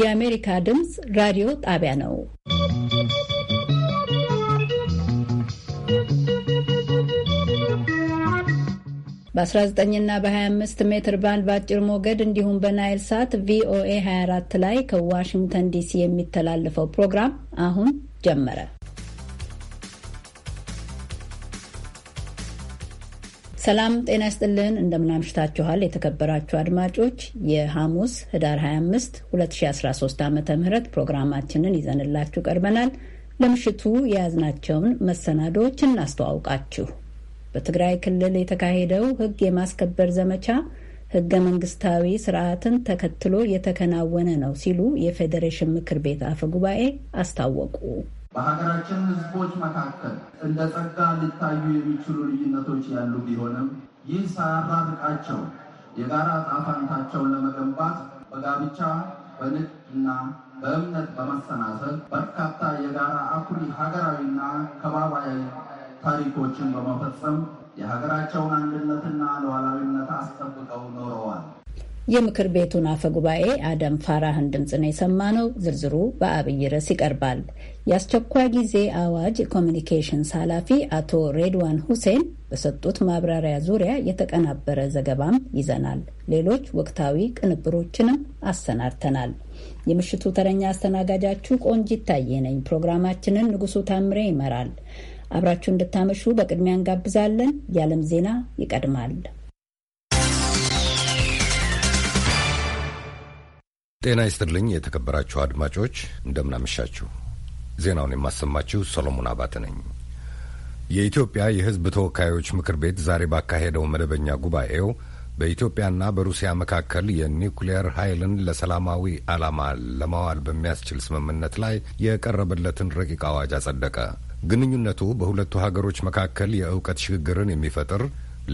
የአሜሪካ ድምፅ ራዲዮ ጣቢያ ነው። በ19ና በ25 ሜትር ባንድ በአጭር ሞገድ እንዲሁም በናይል ሳት ቪኦኤ 24 ላይ ከዋሽንግተን ዲሲ የሚተላለፈው ፕሮግራም አሁን ጀመረ። ሰላም ጤና ይስጥልን። እንደምናምሽታችኋል የተከበራችሁ አድማጮች የሐሙስ ህዳር 25 2013 ዓ ም ፕሮግራማችንን ይዘንላችሁ ቀርበናል። ለምሽቱ የያዝናቸውን መሰናዶዎች እናስተዋውቃችሁ። በትግራይ ክልል የተካሄደው ህግ የማስከበር ዘመቻ ህገ መንግስታዊ ስርዓትን ተከትሎ የተከናወነ ነው ሲሉ የፌዴሬሽን ምክር ቤት አፈ ጉባኤ አስታወቁ። በሀገራችን ህዝቦች መካከል እንደ ጸጋ ሊታዩ የሚችሉ ልዩነቶች ያሉ ቢሆንም ይህ ሳያራርቃቸው የጋራ ዕጣ ለመገንባት በጋብቻ እና በእምነት በመሰናሰል በርካታ የጋራ አኩሪ ሀገራዊና ከባባያዊ ታሪኮችን በመፈጸም የሀገራቸውን አንድነትና ሉዓላዊነት አስጠብቀው ኖረዋል። የምክር ቤቱን አፈ ጉባኤ አደም ፋራህን ድምፅ ነው የሰማነው። ዝርዝሩ በአብይ ርዕስ ይቀርባል። የአስቸኳይ ጊዜ አዋጅ ኮሚኒኬሽንስ ኃላፊ አቶ ሬድዋን ሁሴን በሰጡት ማብራሪያ ዙሪያ የተቀናበረ ዘገባም ይዘናል። ሌሎች ወቅታዊ ቅንብሮችንም አሰናድተናል። የምሽቱ ተረኛ አስተናጋጃችሁ ቆንጅ ይታየ ነኝ። ፕሮግራማችንን ንጉሱ ታምሬ ይመራል። አብራችሁ እንድታመሹ በቅድሚያ እንጋብዛለን። የዓለም ዜና ይቀድማል። ጤና ይስጥልኝ የተከበራችሁ አድማጮች እንደምናመሻችሁ። ዜናውን የማሰማችሁ ሰሎሞን አባተ ነኝ። የኢትዮጵያ የህዝብ ተወካዮች ምክር ቤት ዛሬ ባካሄደው መደበኛ ጉባኤው በኢትዮጵያና በሩሲያ መካከል የኒውክሌየር ኃይልን ለሰላማዊ ዓላማ ለማዋል በሚያስችል ስምምነት ላይ የቀረበለትን ረቂቅ አዋጅ አጸደቀ። ግንኙነቱ በሁለቱ ሀገሮች መካከል የእውቀት ሽግግርን የሚፈጥር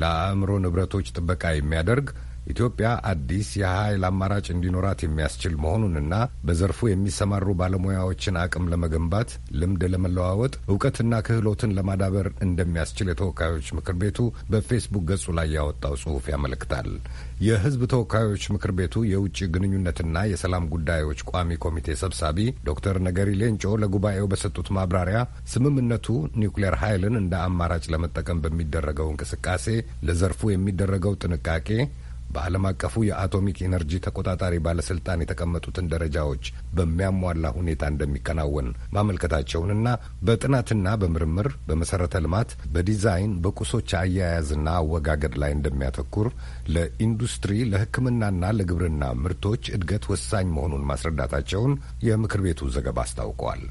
ለአእምሮ ንብረቶች ጥበቃ የሚያደርግ ኢትዮጵያ አዲስ የኃይል አማራጭ እንዲኖራት የሚያስችል መሆኑንና በዘርፉ የሚሰማሩ ባለሙያዎችን አቅም ለመገንባት፣ ልምድ ለመለዋወጥ፣ እውቀትና ክህሎትን ለማዳበር እንደሚያስችል የተወካዮች ምክር ቤቱ በፌስቡክ ገጹ ላይ ያወጣው ጽሑፍ ያመለክታል። የሕዝብ ተወካዮች ምክር ቤቱ የውጭ ግንኙነትና የሰላም ጉዳዮች ቋሚ ኮሚቴ ሰብሳቢ ዶክተር ነገሪ ሌንጮ ለጉባኤው በሰጡት ማብራሪያ ስምምነቱ ኒውክሌር ኃይልን እንደ አማራጭ ለመጠቀም በሚደረገው እንቅስቃሴ ለዘርፉ የሚደረገው ጥንቃቄ በዓለም አቀፉ የአቶሚክ ኢነርጂ ተቆጣጣሪ ባለስልጣን የተቀመጡትን ደረጃዎች በሚያሟላ ሁኔታ እንደሚከናወን ማመልከታቸውንና በጥናትና በምርምር በመሰረተ ልማት፣ በዲዛይን፣ በቁሶች አያያዝና አወጋገድ ላይ እንደሚያተኩር ለኢንዱስትሪ ለሕክምናና ለግብርና ምርቶች እድገት ወሳኝ መሆኑን ማስረዳታቸውን የምክር ቤቱ ዘገባ አስታውቋል።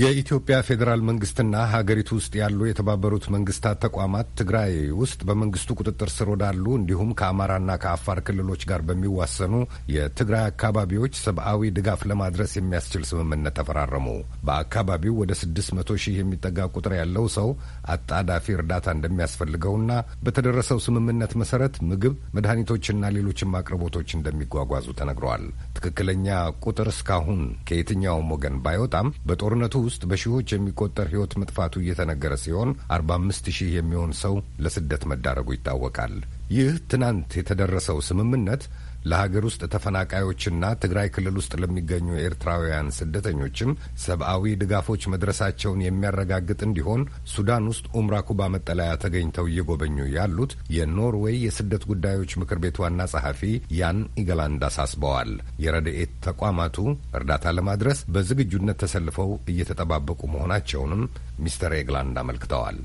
የኢትዮጵያ ፌዴራል መንግስትና ሀገሪቱ ውስጥ ያሉ የተባበሩት መንግስታት ተቋማት ትግራይ ውስጥ በመንግስቱ ቁጥጥር ስር ወዳሉ እንዲሁም ከአማራና ከአፋር ክልሎች ጋር በሚዋሰኑ የትግራይ አካባቢዎች ሰብአዊ ድጋፍ ለማድረስ የሚያስችል ስምምነት ተፈራረሙ። በአካባቢው ወደ ስድስት መቶ ሺህ የሚጠጋ ቁጥር ያለው ሰው አጣዳፊ እርዳታ እንደሚያስፈልገውና በተደረሰው ስምምነት መሰረት ምግብ፣ መድኃኒቶችና ሌሎችም አቅርቦቶች እንደሚጓጓዙ ተነግረዋል። ትክክለኛ ቁጥር እስካሁን ከየትኛውም ወገን ባይወጣም በጦርነቱ ውስጥ በሺዎች የሚቆጠር ሕይወት መጥፋቱ እየተነገረ ሲሆን አርባ አምስት ሺህ የሚሆን ሰው ለስደት መዳረጉ ይታወቃል። ይህ ትናንት የተደረሰው ስምምነት ለሀገር ውስጥ ተፈናቃዮችና ትግራይ ክልል ውስጥ ለሚገኙ ኤርትራውያን ስደተኞችም ሰብአዊ ድጋፎች መድረሳቸውን የሚያረጋግጥ እንዲሆን ሱዳን ውስጥ ኡምራ ኩባ መጠለያ ተገኝተው እየጎበኙ ያሉት የኖርዌይ የስደት ጉዳዮች ምክር ቤት ዋና ጸሐፊ ያን ኢገላንድ አሳስበዋል። የረድኤት ተቋማቱ እርዳታ ለማድረስ በዝግጁነት ተሰልፈው እየተጠባበቁ መሆናቸውንም ሚስተር ኤግላንድ አመልክተዋል።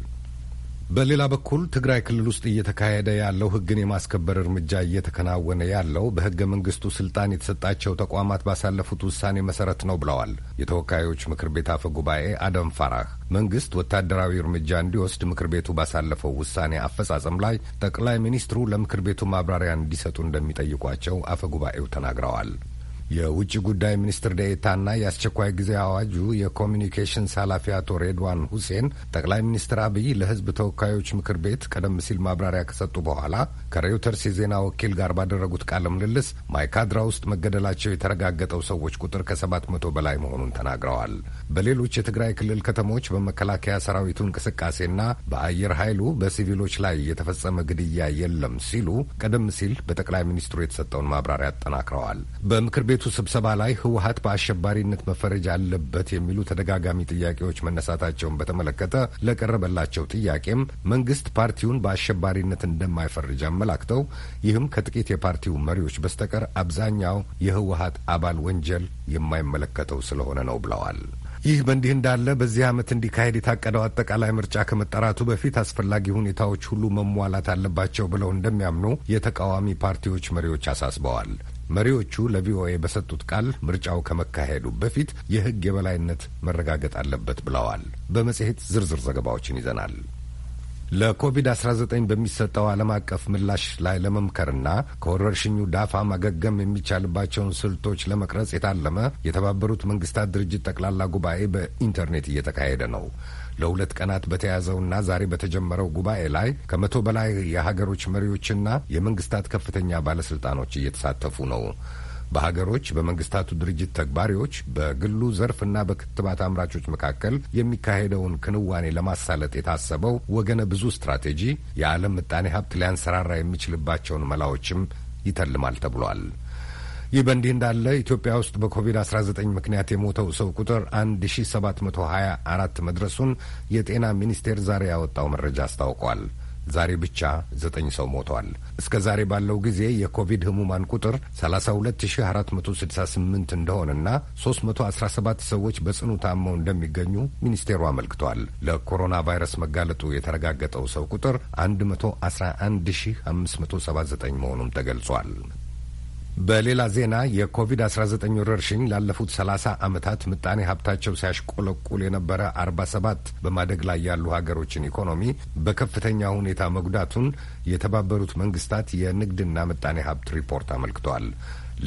በሌላ በኩል ትግራይ ክልል ውስጥ እየተካሄደ ያለው ሕግን የማስከበር እርምጃ እየተከናወነ ያለው በሕገ መንግስቱ ስልጣን የተሰጣቸው ተቋማት ባሳለፉት ውሳኔ መሰረት ነው ብለዋል የተወካዮች ምክር ቤት አፈ ጉባኤ አደም ፋራህ። መንግስት ወታደራዊ እርምጃ እንዲወስድ ምክር ቤቱ ባሳለፈው ውሳኔ አፈጻጸም ላይ ጠቅላይ ሚኒስትሩ ለምክር ቤቱ ማብራሪያ እንዲሰጡ እንደሚጠይቋቸው አፈ ጉባኤው ተናግረዋል። የውጭ ጉዳይ ሚኒስትር ዴኤታና የአስቸኳይ ጊዜ አዋጁ የኮሚኒኬሽንስ ኃላፊ አቶ ሬድዋን ሁሴን ጠቅላይ ሚኒስትር አብይ ለሕዝብ ተወካዮች ምክር ቤት ቀደም ሲል ማብራሪያ ከሰጡ በኋላ ከሬውተርስ የዜና ወኪል ጋር ባደረጉት ቃለ ምልልስ ማይካድራ ውስጥ መገደላቸው የተረጋገጠው ሰዎች ቁጥር ከሰባት መቶ በላይ መሆኑን ተናግረዋል። በሌሎች የትግራይ ክልል ከተሞች በመከላከያ ሰራዊቱ እንቅስቃሴና በአየር ኃይሉ በሲቪሎች ላይ የተፈጸመ ግድያ የለም ሲሉ ቀደም ሲል በጠቅላይ ሚኒስትሩ የተሰጠውን ማብራሪያ አጠናክረዋል። በምክር ቤቱ ስብሰባ ላይ ህወሀት በአሸባሪነት መፈረጅ አለበት የሚሉ ተደጋጋሚ ጥያቄዎች መነሳታቸውን በተመለከተ ለቀረበላቸው ጥያቄም መንግስት ፓርቲውን በአሸባሪነት እንደማይፈርጅ አመላክተው ይህም ከጥቂት የፓርቲው መሪዎች በስተቀር አብዛኛው የህወሀት አባል ወንጀል የማይመለከተው ስለሆነ ነው ብለዋል። ይህ በእንዲህ እንዳለ በዚህ ዓመት እንዲካሄድ የታቀደው አጠቃላይ ምርጫ ከመጠራቱ በፊት አስፈላጊ ሁኔታዎች ሁሉ መሟላት አለባቸው ብለው እንደሚያምኑ የተቃዋሚ ፓርቲዎች መሪዎች አሳስበዋል። መሪዎቹ ለቪኦኤ በሰጡት ቃል ምርጫው ከመካሄዱ በፊት የሕግ የበላይነት መረጋገጥ አለበት ብለዋል። በመጽሔት ዝርዝር ዘገባዎችን ይዘናል። ለኮቪድ-19 በሚሰጠው ዓለም አቀፍ ምላሽ ላይ ለመምከርና ከወረርሽኙ ዳፋ ማገገም የሚቻልባቸውን ስልቶች ለመቅረጽ የታለመ የተባበሩት መንግስታት ድርጅት ጠቅላላ ጉባኤ በኢንተርኔት እየተካሄደ ነው። ለሁለት ቀናት በተያዘውና ዛሬ በተጀመረው ጉባኤ ላይ ከመቶ በላይ የሀገሮች መሪዎችና የመንግስታት ከፍተኛ ባለስልጣኖች እየተሳተፉ ነው። በሀገሮች በመንግስታቱ ድርጅት ተግባሪዎች፣ በግሉ ዘርፍና በክትባት አምራቾች መካከል የሚካሄደውን ክንዋኔ ለማሳለጥ የታሰበው ወገነ ብዙ ስትራቴጂ የዓለም ምጣኔ ሀብት ሊያንሰራራ የሚችልባቸውን መላዎችም ይተልማል ተብሏል። ይህ በእንዲህ እንዳለ ኢትዮጵያ ውስጥ በኮቪድ-19 ምክንያት የሞተው ሰው ቁጥር 1724 መድረሱን የጤና ሚኒስቴር ዛሬ ያወጣው መረጃ አስታውቋል። ዛሬ ብቻ ዘጠኝ ሰው ሞተዋል። እስከ ዛሬ ባለው ጊዜ የኮቪድ ህሙማን ቁጥር 32468 እንደሆነና 317 ሰዎች በጽኑ ታመው እንደሚገኙ ሚኒስቴሩ አመልክቷል። ለኮሮና ቫይረስ መጋለጡ የተረጋገጠው ሰው ቁጥር 111579 መሆኑም ተገልጿል። በሌላ ዜና የኮቪድ-19 ወረርሽኝ ላለፉት 30 ዓመታት ምጣኔ ሀብታቸው ሲያሽቆለቁል የነበረ 47 በማደግ ላይ ያሉ ሀገሮችን ኢኮኖሚ በከፍተኛ ሁኔታ መጉዳቱን የተባበሩት መንግስታት የንግድና ምጣኔ ሀብት ሪፖርት አመልክቷል።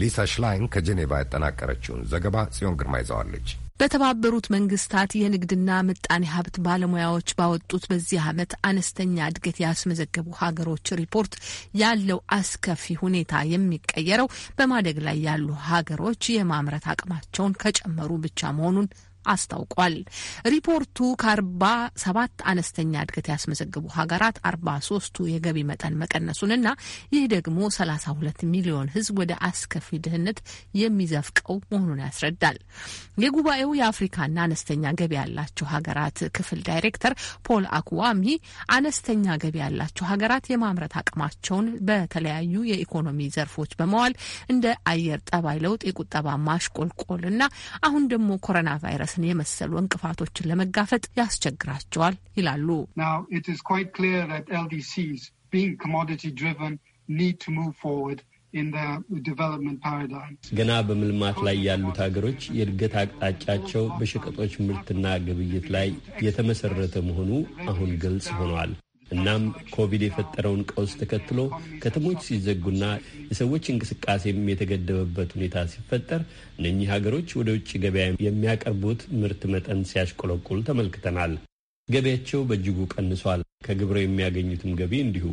ሊሳ ሽላይን ከጄኔቫ ያጠናቀረችውን ዘገባ ጽዮን ግርማ ይዘዋለች። በተባበሩት መንግስታት የንግድና ምጣኔ ሀብት ባለሙያዎች ባወጡት በዚህ ዓመት አነስተኛ እድገት ያስመዘገቡ ሀገሮች ሪፖርት ያለው አስከፊ ሁኔታ የሚቀየረው በማደግ ላይ ያሉ ሀገሮች የማምረት አቅማቸውን ከጨመሩ ብቻ መሆኑን አስታውቋል። ሪፖርቱ ከአርባ ሰባት አነስተኛ እድገት ያስመዘግቡ ሀገራት አርባ ሶስቱ የገቢ መጠን መቀነሱንና ይህ ደግሞ ሰላሳ ሁለት ሚሊዮን ሕዝብ ወደ አስከፊ ድህነት የሚዘፍቀው መሆኑን ያስረዳል። የጉባኤው የአፍሪካና አነስተኛ ገቢ ያላቸው ሀገራት ክፍል ዳይሬክተር ፖል አኩዋሚ አነስተኛ ገቢ ያላቸው ሀገራት የማምረት አቅማቸውን በተለያዩ የኢኮኖሚ ዘርፎች በመዋል እንደ አየር ጠባይ ለውጥ፣ የቁጠባ ማሽቆልቆልና አሁን ደግሞ ኮሮና ቫይረስ ራስን የመሰሉ እንቅፋቶችን ለመጋፈጥ ያስቸግራቸዋል ይላሉ። ገና በምልማት ላይ ያሉት ሀገሮች የእድገት አቅጣጫቸው በሸቀጦች ምርትና ግብይት ላይ የተመሰረተ መሆኑ አሁን ግልጽ ሆኗል። እናም ኮቪድ የፈጠረውን ቀውስ ተከትሎ ከተሞች ሲዘጉና የሰዎች እንቅስቃሴም የተገደበበት ሁኔታ ሲፈጠር እነኚህ ሀገሮች ወደ ውጭ ገበያ የሚያቀርቡት ምርት መጠን ሲያሽቆለቁል ተመልክተናል። ገቢያቸው በእጅጉ ቀንሷል። ከግብረው የሚያገኙትም ገቢ እንዲሁ።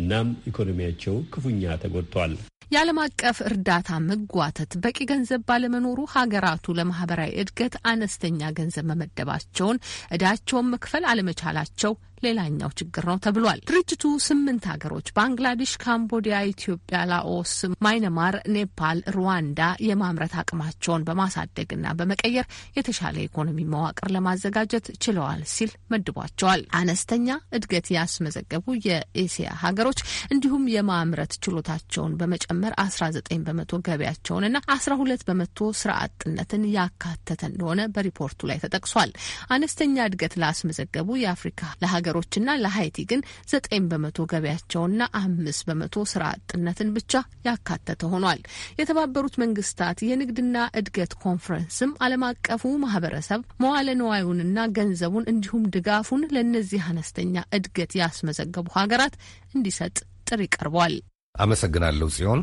እናም ኢኮኖሚያቸው ክፉኛ ተጎድቷል። የዓለም አቀፍ እርዳታ መጓተት፣ በቂ ገንዘብ ባለመኖሩ ሀገራቱ ለማህበራዊ እድገት አነስተኛ ገንዘብ መመደባቸውን፣ እዳቸውን መክፈል አለመቻላቸው ሌላኛው ችግር ነው ተብሏል። ድርጅቱ ስምንት ሀገሮች ባንግላዴሽ፣ ካምቦዲያ፣ ኢትዮጵያ፣ ላኦስ፣ ማይነማር፣ ኔፓል፣ ሩዋንዳ የማምረት አቅማቸውን በማሳደግና በመቀየር የተሻለ ኢኮኖሚ መዋቅር ለማዘጋጀት ችለዋል ሲል መድቧቸዋል። አነስተኛ እድገት ያስመዘገቡ የኤሲያ ሀገሮች እንዲሁም የማምረት ችሎታቸውን በመጨመር 19 በመቶ ገበያቸውንና 12 በመቶ ስራ አጥነትን ያካተተ እንደሆነ በሪፖርቱ ላይ ተጠቅሷል። አነስተኛ እድገት ላስመዘገቡ የአፍሪካ ለሀገ ሀገሮችና ለሀይቲ ግን ዘጠኝ በመቶ ገበያቸውና አምስት በመቶ ስራ አጥነትን ብቻ ያካተተ ሆኗል። የተባበሩት መንግስታት የንግድና እድገት ኮንፈረንስም ዓለም አቀፉ ማህበረሰብ መዋለ ንዋዩንና ገንዘቡን እንዲሁም ድጋፉን ለእነዚህ አነስተኛ እድገት ያስመዘገቡ ሀገራት እንዲሰጥ ጥሪ ቀርቧል። አመሰግናለሁ ጽዮን።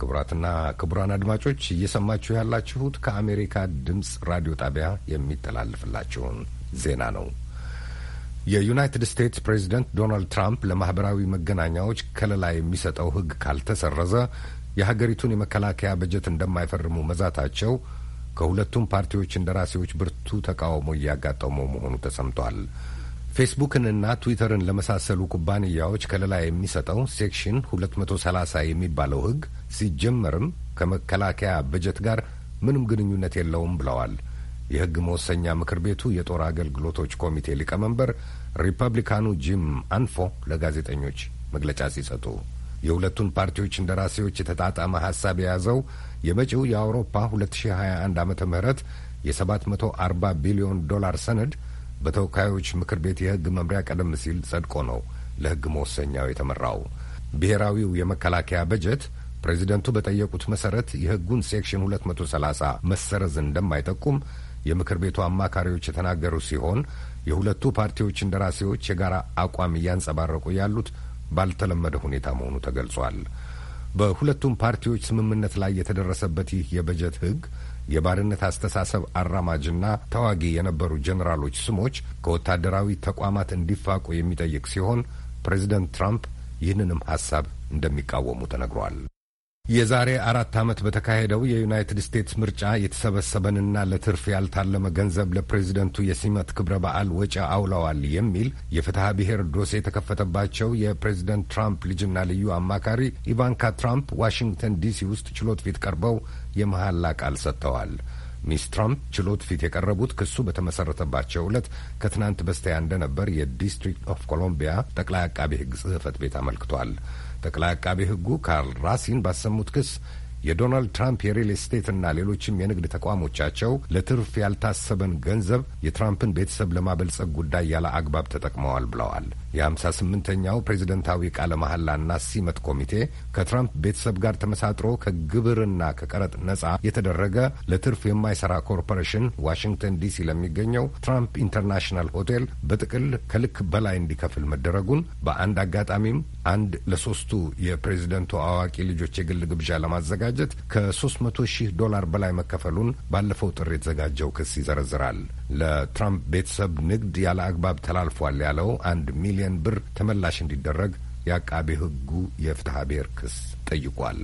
ክቡራትና ክቡራን አድማጮች እየሰማችሁ ያላችሁት ከአሜሪካ ድምፅ ራዲዮ ጣቢያ የሚተላለፍላችሁን ዜና ነው። የዩናይትድ ስቴትስ ፕሬዚደንት ዶናልድ ትራምፕ ለማህበራዊ መገናኛዎች ከለላ የሚሰጠው ሕግ ካልተሰረዘ የሀገሪቱን የመከላከያ በጀት እንደማይፈርሙ መዛታቸው ከሁለቱም ፓርቲዎች እንደራሴዎች ብርቱ ተቃውሞ እያጋጠመው መሆኑ ተሰምቷል። ፌስቡክንና ትዊተርን ለመሳሰሉ ኩባንያዎች ከለላ የሚሰጠው ሴክሽን 230 የሚባለው ሕግ ሲጀመርም ከመከላከያ በጀት ጋር ምንም ግንኙነት የለውም ብለዋል የሕግ መወሰኛ ምክር ቤቱ የጦር አገልግሎቶች ኮሚቴ ሊቀመንበር ሪፐብሊካኑ ጂም አንፎ ለጋዜጠኞች መግለጫ ሲሰጡ የሁለቱን ፓርቲዎች እንደራሴዎች የተጣጣመ ሐሳብ የያዘው የመጪው የአውሮፓ 2021 ዓመተ ምህረት የ740 ቢሊዮን ዶላር ሰነድ በተወካዮች ምክር ቤት የሕግ መምሪያ ቀደም ሲል ጸድቆ ነው ለሕግ መወሰኛው የተመራው። ብሔራዊው የመከላከያ በጀት ፕሬዚደንቱ በጠየቁት መሠረት የሕጉን ሴክሽን 230 መሰረዝ እንደማይጠቁም የምክር ቤቱ አማካሪዎች የተናገሩ ሲሆን የሁለቱ ፓርቲዎች እንደራሴዎች የጋራ አቋም እያንጸባረቁ ያሉት ባልተለመደ ሁኔታ መሆኑ ተገልጿል። በሁለቱም ፓርቲዎች ስምምነት ላይ የተደረሰበት ይህ የበጀት ሕግ የባርነት አስተሳሰብ አራማጅና ተዋጊ የነበሩ ጀኔራሎች ስሞች ከወታደራዊ ተቋማት እንዲፋቁ የሚጠይቅ ሲሆን ፕሬዚደንት ትራምፕ ይህንንም ሀሳብ እንደሚቃወሙ ተነግሯል። የዛሬ አራት ዓመት በተካሄደው የዩናይትድ ስቴትስ ምርጫ የተሰበሰበንና ለትርፍ ያልታለመ ገንዘብ ለፕሬዚደንቱ የሲመት ክብረ በዓል ወጪ አውለዋል የሚል የፍትሐ ብሔር ዶሴ የተከፈተባቸው የፕሬዚደንት ትራምፕ ልጅና ልዩ አማካሪ ኢቫንካ ትራምፕ ዋሽንግተን ዲሲ ውስጥ ችሎት ፊት ቀርበው የመሐላ ቃል ሰጥተዋል። ሚስ ትራምፕ ችሎት ፊት የቀረቡት ክሱ በተመሰረተባቸው ዕለት ከትናንት በስቲያ እንደነበር የዲስትሪክት ኦፍ ኮሎምቢያ ጠቅላይ አቃቤ ሕግ ጽህፈት ቤት አመልክቷል። ጠቅላይ አቃቤ ሕጉ ካርል ራሲን ባሰሙት ክስ የዶናልድ ትራምፕ የሪል ስቴትና ሌሎችም የንግድ ተቋሞቻቸው ለትርፍ ያልታሰበን ገንዘብ የትራምፕን ቤተሰብ ለማበልጸግ ጉዳይ ያለ አግባብ ተጠቅመዋል ብለዋል። የ58ኛው ፕሬዚደንታዊ ቃለ መሐላና ሲመት ኮሚቴ ከትራምፕ ቤተሰብ ጋር ተመሳጥሮ ከግብርና ከቀረጥ ነጻ የተደረገ ለትርፍ የማይሰራ ኮርፖሬሽን ዋሽንግተን ዲሲ ለሚገኘው ትራምፕ ኢንተርናሽናል ሆቴል በጥቅል ከልክ በላይ እንዲከፍል መደረጉን በአንድ አጋጣሚም አንድ ለሶስቱ የፕሬዚደንቱ አዋቂ ልጆች የግል ግብዣ ለማዘጋጀት ከ300 ሺህ ዶላር በላይ መከፈሉን ባለፈው ጥር የተዘጋጀው ክስ ይዘረዝራል። ለትራምፕ ቤተሰብ ንግድ ያለ አግባብ ተላልፏል ያለው አንድ ሚሊዮን ሚሊዮን ብር ተመላሽ እንዲደረግ የአቃቤ ሕጉ የፍትሐ ብሔር ክስ ጠይቋል።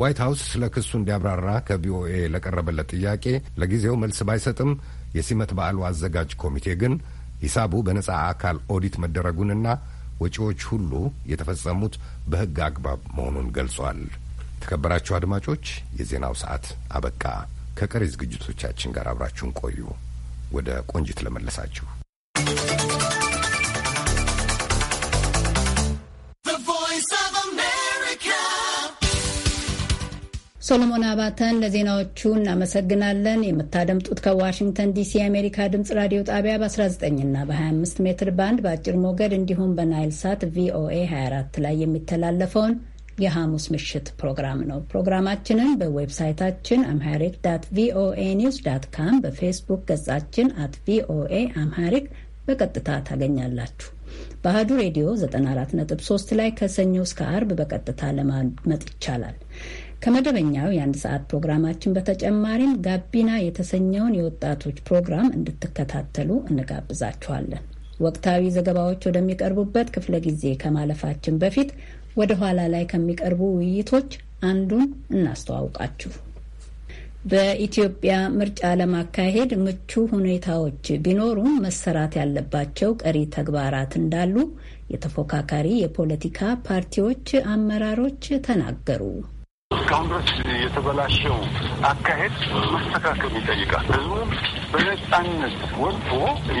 ዋይት ሀውስ ስለ ክሱ እንዲያብራራ ከቪኦኤ ለቀረበለት ጥያቄ ለጊዜው መልስ ባይሰጥም የሲመት በዓሉ አዘጋጅ ኮሚቴ ግን ሂሳቡ በነጻ አካል ኦዲት መደረጉንና ወጪዎች ሁሉ የተፈጸሙት በሕግ አግባብ መሆኑን ገልጿል። የተከበራችሁ አድማጮች፣ የዜናው ሰዓት አበቃ። ከቀሪ ዝግጅቶቻችን ጋር አብራችሁን ቆዩ። ወደ ቆንጂት ለመለሳችሁ ሶሎሞን አባተን ለዜናዎቹ እናመሰግናለን። የምታደምጡት ከዋሽንግተን ዲሲ የአሜሪካ ድምፅ ራዲዮ ጣቢያ በ19 እና በ25 ሜትር ባንድ በአጭር ሞገድ እንዲሁም በናይል ሳት ቪኦኤ 24 ላይ የሚተላለፈውን የሐሙስ ምሽት ፕሮግራም ነው። ፕሮግራማችንን በዌብሳይታችን አምሃሪክ ዳት ቪኦኤ ኒውስ ዳት ካም፣ በፌስቡክ ገጻችን አት ቪኦኤ አምሃሪክ በቀጥታ ታገኛላችሁ። በአህዱ ሬዲዮ 94.3 ላይ ከሰኞ እስከ አርብ በቀጥታ ለማድመጥ ይቻላል። ከመደበኛው የአንድ ሰዓት ፕሮግራማችን በተጨማሪም ጋቢና የተሰኘውን የወጣቶች ፕሮግራም እንድትከታተሉ እንጋብዛችኋለን። ወቅታዊ ዘገባዎች ወደሚቀርቡበት ክፍለ ጊዜ ከማለፋችን በፊት ወደ ኋላ ላይ ከሚቀርቡ ውይይቶች አንዱን እናስተዋውቃችሁ። በኢትዮጵያ ምርጫ ለማካሄድ ምቹ ሁኔታዎች ቢኖሩም መሰራት ያለባቸው ቀሪ ተግባራት እንዳሉ የተፎካካሪ የፖለቲካ ፓርቲዎች አመራሮች ተናገሩ። እስካሁን ድረስ የተበላሸው አካሄድ መስተካከል ይጠይቃል። ህዝቡም በነጻነት ወጥቶ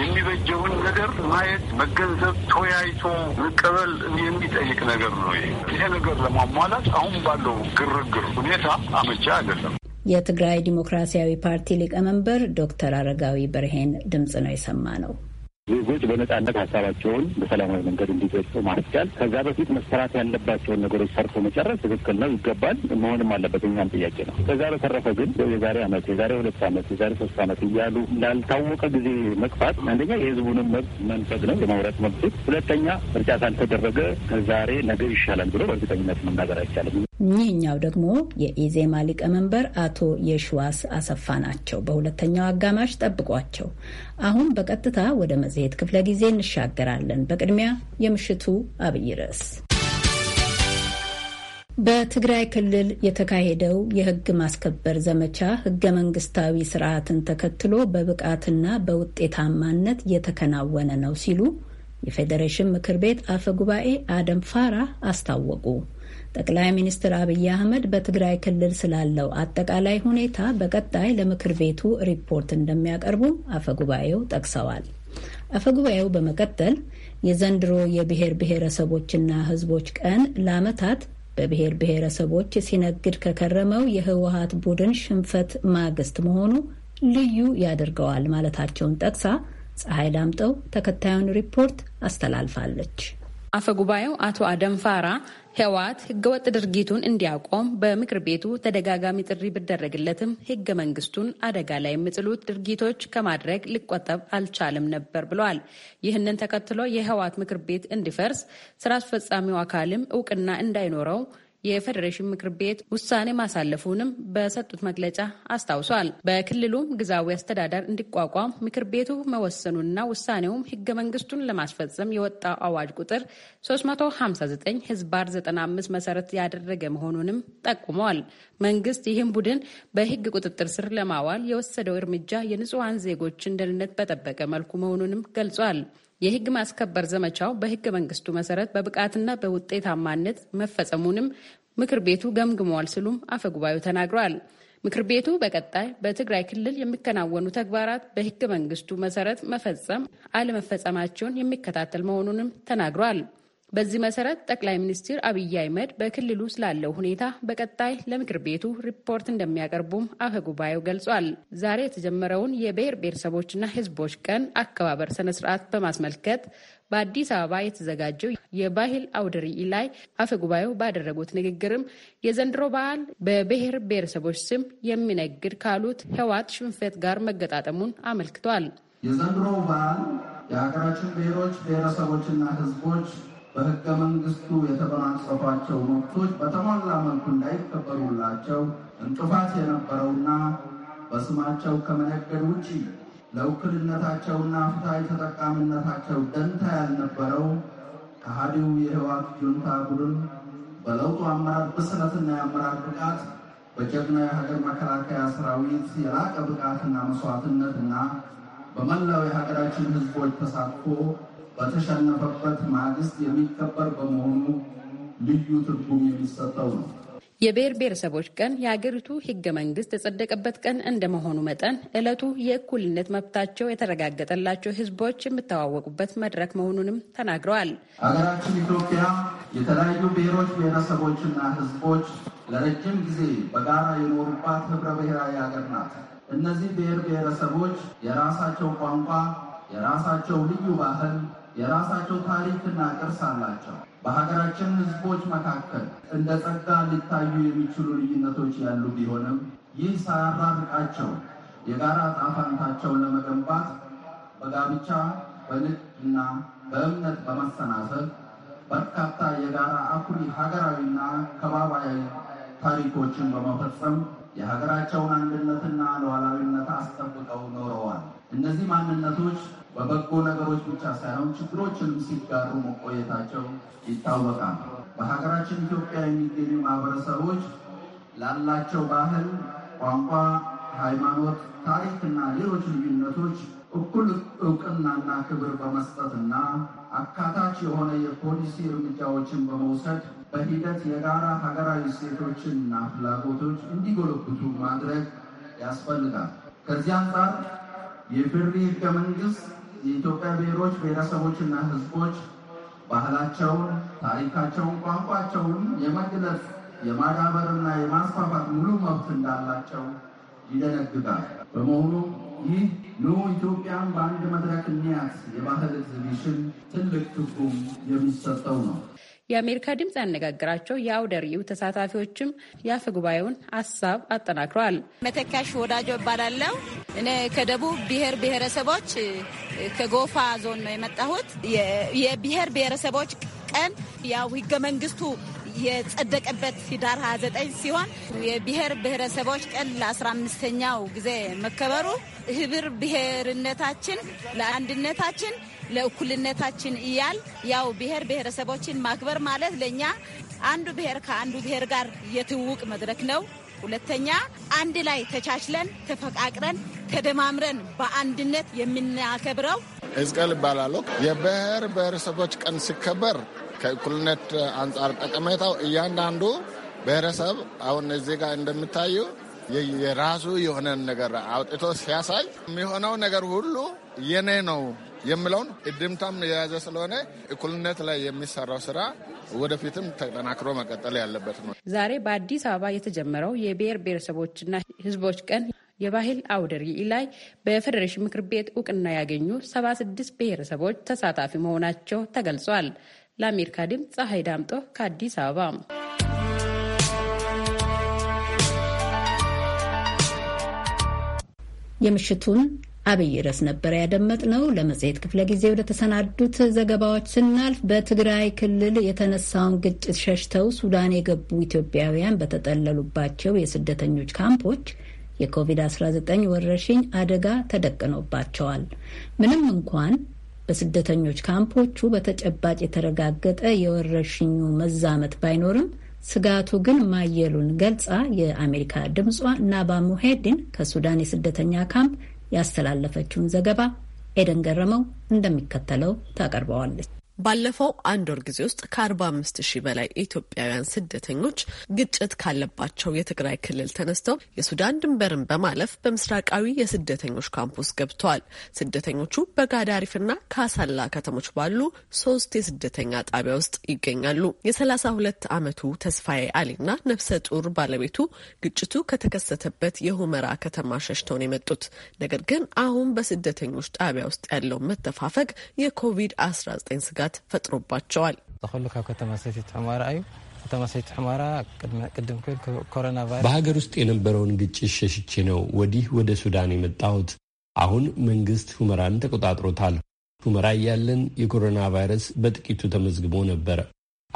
የሚበጀውን ነገር ማየት፣ መገንዘብ፣ ተወያይቶ መቀበል የሚጠይቅ ነገር ነው። ይሄ ነገር ለማሟላት አሁን ባለው ግርግር ሁኔታ አመቻ አይደለም። የትግራይ ዲሞክራሲያዊ ፓርቲ ሊቀመንበር ዶክተር አረጋዊ በርሄን ድምፅ ነው የሰማ ነው። ዜጎች በነጻነት ሀሳባቸውን በሰላማዊ መንገድ እንዲገልጹ ማስቻል፣ ከዛ በፊት መሰራት ያለባቸውን ነገሮች ሰርቶ መጨረስ ትክክል ነው፣ ይገባል፣ መሆንም አለበት። እኛም ጥያቄ ነው። ከዛ በተረፈ ግን የዛሬ ዓመት የዛሬ ሁለት ዓመት የዛሬ ሶስት ዓመት እያሉ ላልታወቀ ጊዜ መቅፋት አንደኛ የህዝቡንም መብት መንፈግ ነው፣ የመውረት መብት፣ ሁለተኛ ምርጫ ሳልተደረገ ከዛሬ ነገ ይሻላል ብሎ በእርግጠኝነት መናገር አይቻልም። እኚህኛው ደግሞ የኢዜማ ሊቀመንበር አቶ የሽዋስ አሰፋ ናቸው። በሁለተኛው አጋማሽ ጠብቋቸው። አሁን በቀጥታ ወደ መጽሔት ክፍለ ጊዜ እንሻገራለን። በቅድሚያ የምሽቱ አብይ ርዕስ በትግራይ ክልል የተካሄደው የህግ ማስከበር ዘመቻ ህገ መንግስታዊ ስርዓትን ተከትሎ በብቃትና በውጤታማነት እየተከናወነ ነው ሲሉ የፌዴሬሽን ምክር ቤት አፈ ጉባኤ አደም ፋራ አስታወቁ። ጠቅላይ ሚኒስትር አብይ አህመድ በትግራይ ክልል ስላለው አጠቃላይ ሁኔታ በቀጣይ ለምክር ቤቱ ሪፖርት እንደሚያቀርቡ አፈጉባኤው ጠቅሰዋል። አፈጉባኤው በመቀጠል የዘንድሮ የብሔር ብሔረሰቦችና ሕዝቦች ቀን ለአመታት በብሔር ብሔረሰቦች ሲነግድ ከከረመው የህወሀት ቡድን ሽንፈት ማግስት መሆኑ ልዩ ያደርገዋል ማለታቸውን ጠቅሳ ፀሐይ ዳምጠው ተከታዩን ሪፖርት አስተላልፋለች። አፈ ጉባኤው አቶ አደም ፋራ ህወሓት ህገወጥ ድርጊቱን እንዲያቆም በምክር ቤቱ ተደጋጋሚ ጥሪ ቢደረግለትም ህገ መንግስቱን አደጋ ላይ የሚጥሉት ድርጊቶች ከማድረግ ሊቆጠብ አልቻለም ነበር ብለዋል። ይህንን ተከትሎ የህወሓት ምክር ቤት እንዲፈርስ ስራ አስፈጻሚው አካልም እውቅና እንዳይኖረው የፌዴሬሽን ምክር ቤት ውሳኔ ማሳለፉንም በሰጡት መግለጫ አስታውሷል። በክልሉም ግዛዊ አስተዳደር እንዲቋቋም ምክር ቤቱ መወሰኑና ውሳኔውም ህገ መንግስቱን ለማስፈጸም የወጣ አዋጅ ቁጥር 359 ህዝባር 95 መሰረት ያደረገ መሆኑንም ጠቁመዋል። መንግስት ይህም ቡድን በህግ ቁጥጥር ስር ለማዋል የወሰደው እርምጃ የንጹሐን ዜጎችን ደህንነት በጠበቀ መልኩ መሆኑንም ገልጿል። የህግ ማስከበር ዘመቻው በህገ መንግስቱ መሰረት በብቃትና በውጤታማነት መፈጸሙንም ምክር ቤቱ ገምግመዋል ሲሉም አፈጉባኤው ተናግረዋል። ምክር ቤቱ በቀጣይ በትግራይ ክልል የሚከናወኑ ተግባራት በህገ መንግስቱ መሰረት መፈጸም አለመፈጸማቸውን የሚከታተል መሆኑንም ተናግረዋል። በዚህ መሰረት ጠቅላይ ሚኒስትር አብይ አህመድ በክልሉ ስላለው ሁኔታ በቀጣይ ለምክር ቤቱ ሪፖርት እንደሚያቀርቡም አፈ ጉባኤው ገልጿል። ዛሬ የተጀመረውን የብሔር ብሔረሰቦችና ሕዝቦች ቀን አከባበር ስነ በማስመልከት በአዲስ አበባ የተዘጋጀው የባህል አውደ ርዕይ ላይ አፈ ጉባኤው ባደረጉት ንግግርም የዘንድሮ በዓል በብሔር ብሔረሰቦች ስም የሚነግድ ካሉት ህወሓት ሽንፈት ጋር መገጣጠሙን አመልክቷል። የዘንድሮ በዓል የሀገራችን ብሔሮች ብሔረሰቦችና ህዝቦች በህገ መንግስቱ የተጎናጸፏቸው መብቶች በተሟላ መልኩ እንዳይከበሩላቸው እንቅፋት የነበረውና በስማቸው ከመነገድ ውጪ ለውክልነታቸውና ፍትሐዊ ተጠቃሚነታቸው ደንታ ያልነበረው ከሃዲው የህወሓት ጁንታ ቡድን በለውጡ አመራር ብስለትና የአመራር ብቃት በጀግና የሀገር መከላከያ ሰራዊት የላቀ ብቃትና መስዋዕትነትና በመላው የሀገራችን ህዝቦች ተሳትፎ በተሸነፈበት ማግስት የሚከበር በመሆኑ ልዩ ትርጉም የሚሰጠው ነው። የብሔር ብሔረሰቦች ቀን የሀገሪቱ ህገ መንግስት የጸደቀበት ቀን እንደመሆኑ መጠን ዕለቱ የእኩልነት መብታቸው የተረጋገጠላቸው ሕዝቦች የሚተዋወቁበት መድረክ መሆኑንም ተናግረዋል። ሀገራችን ኢትዮጵያ የተለያዩ ብሔሮች ብሔረሰቦችና ህዝቦች ለረጅም ጊዜ በጋራ የኖሩባት ህብረ ብሔራዊ ሀገር ናት። እነዚህ ብሔር ብሔረሰቦች የራሳቸው ቋንቋ፣ የራሳቸው ልዩ ባህል የራሳቸው ታሪክና ቅርስ አላቸው። በሀገራችን ህዝቦች መካከል እንደ ጸጋ ሊታዩ የሚችሉ ልዩነቶች ያሉ ቢሆንም ይህ ሳያራርቃቸው የጋራ ጣፋንታቸውን ለመገንባት በጋብቻ በንግድ እና በእምነት በመሰናሰብ በርካታ የጋራ አኩሪ ሀገራዊና ከባባያዊ ታሪኮችን በመፈጸም የሀገራቸውን አንድነትና ሉዓላዊነት አስጠብቀው ኖረዋል። እነዚህ ማንነቶች በበጎ ነገሮች ብቻ ሳይሆን ችግሮችንም ሲጋሩ መቆየታቸው ይታወቃል። በሀገራችን ኢትዮጵያ የሚገኙ ማህበረሰቦች ላላቸው ባህል፣ ቋንቋ፣ ሃይማኖት፣ ታሪክና ሌሎች ልዩነቶች እኩል እውቅናና ክብር በመስጠትና አካታች የሆነ የፖሊሲ እርምጃዎችን በመውሰድ በሂደት የጋራ ሀገራዊ እሴቶችንና ፍላጎቶች እንዲጎለብቱ ማድረግ ያስፈልጋል። ከዚህ አንጻር የፍሪ ህገ መንግስት የኢትዮጵያ ብሔሮች ብሔረሰቦችና ህዝቦች ባህላቸውን፣ ታሪካቸውን፣ ቋንቋቸውን የመግለጽ የማዳበርና የማስፋፋት ሙሉ መብት እንዳላቸው ይደነግጋል። በመሆኑ ይህ ኑ ኢትዮጵያን በአንድ መድረክ እንያዝ የባህል ኤግዚቢሽን ትልቅ ትርጉም የሚሰጠው ነው። የአሜሪካ ድምፅ ያነጋግራቸው የአውደ ርዕዩ ተሳታፊዎችም የአፈ ጉባኤውን ሀሳብ አጠናክረዋል። መተካሽ ወዳጆ እባላለሁ። እኔ ከደቡብ ብሔር ብሔረሰቦች ከጎፋ ዞን ነው የመጣሁት። የብሔር ብሔረሰቦች ቀን ያው ህገ መንግስቱ የጸደቀበት ህዳር 29 ሲሆን የብሔር ብሔረሰቦች ቀን ለ15ኛው ጊዜ መከበሩ ህብር ብሔርነታችን ለአንድነታችን ለእኩልነታችን እያል ያው ብሔር ብሔረሰቦችን ማክበር ማለት ለእኛ አንዱ ብሔር ከአንዱ ብሔር ጋር የትውውቅ መድረክ ነው። ሁለተኛ አንድ ላይ ተቻችለን ተፈቃቅረን ተደማምረን በአንድነት የምናከብረው እዝቀል ይባላለሁ። የብሔር ብሔረሰቦች ቀን ሲከበር ከእኩልነት አንጻር ጠቀሜታው እያንዳንዱ ብሔረሰብ አሁን እዚህ ጋር እንደሚታዩ የራሱ የሆነን ነገር አውጥቶ ሲያሳይ የሚሆነው ነገር ሁሉ የኔ ነው የምለውን እድምታም የያዘ ስለሆነ እኩልነት ላይ የሚሰራው ስራ ወደፊትም ተጠናክሮ መቀጠል ያለበት ነው። ዛሬ በአዲስ አበባ የተጀመረው የብሔር ብሔረሰቦችና ሕዝቦች ቀን የባህል አውደ ርዕይ ላይ በፌዴሬሽን ምክር ቤት እውቅና ያገኙ 76 ብሔረሰቦች ተሳታፊ መሆናቸው ተገልጿል። ለአሜሪካ ድምፅ ፀሐይ ዳምጦ ከአዲስ አበባ። የምሽቱን አብይ ርዕስ ነበረ ያደመጥነው። ለመጽሔት ክፍለ ጊዜ ወደ ተሰናዱት ዘገባዎች ስናልፍ በትግራይ ክልል የተነሳውን ግጭት ሸሽተው ሱዳን የገቡ ኢትዮጵያውያን በተጠለሉባቸው የስደተኞች ካምፖች የኮቪድ-19 ወረርሽኝ አደጋ ተደቅኖባቸዋል። ምንም እንኳን በስደተኞች ካምፖቹ በተጨባጭ የተረጋገጠ የወረርሽኙ መዛመት ባይኖርም ስጋቱ ግን ማየሉን ገልጻ የአሜሪካ ድምጿ ናባ ሙሄዲን ከሱዳን የስደተኛ ካምፕ ያስተላለፈችውን ዘገባ ኤደን ገረመው እንደሚከተለው ታቀርበዋለች። ባለፈው አንድ ወር ጊዜ ውስጥ ከ45 ሺህ በላይ ኢትዮጵያውያን ስደተኞች ግጭት ካለባቸው የትግራይ ክልል ተነስተው የሱዳን ድንበርን በማለፍ በምስራቃዊ የስደተኞች ካምፕ ገብተዋል። ስደተኞቹ በጋዳሪፍና ካሳላ ከተሞች ባሉ ሶስት የስደተኛ ጣቢያ ውስጥ ይገኛሉ። የ32 ዓመቱ ተስፋዬ አሊና ነፍሰ ጡር ባለቤቱ ግጭቱ ከተከሰተበት የሁመራ ከተማ ሸሽተውን የመጡት ነገር ግን አሁን በስደተኞች ጣቢያ ውስጥ ያለው መተፋፈግ የኮቪድ-19 ስጋ ጉዳት ፈጥሮባቸዋል። በሀገር ውስጥ የነበረውን ግጭት ሸሽቼ ነው ወዲህ ወደ ሱዳን የመጣሁት። አሁን መንግስት ሁመራን ተቆጣጥሮታል። ሁመራ እያለን የኮሮና ቫይረስ በጥቂቱ ተመዝግቦ ነበር።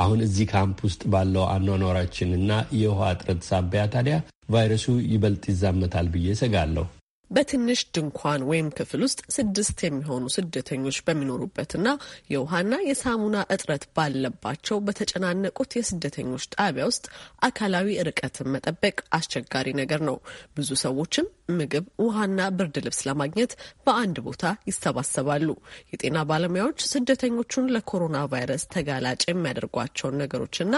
አሁን እዚህ ካምፕ ውስጥ ባለው አኗኗራችንና የውሃ እጥረት ሳቢያ ታዲያ ቫይረሱ ይበልጥ ይዛመታል ብዬ ሰጋለሁ። በትንሽ ድንኳን ወይም ክፍል ውስጥ ስድስት የሚሆኑ ስደተኞች በሚኖሩበትና የውሃና የሳሙና እጥረት ባለባቸው በተጨናነቁት የስደተኞች ጣቢያ ውስጥ አካላዊ ርቀትን መጠበቅ አስቸጋሪ ነገር ነው። ብዙ ሰዎችም ምግብ፣ ውሃና ብርድ ልብስ ለማግኘት በአንድ ቦታ ይሰባሰባሉ። የጤና ባለሙያዎች ስደተኞቹን ለኮሮና ቫይረስ ተጋላጭ የሚያደርጓቸውን ነገሮችና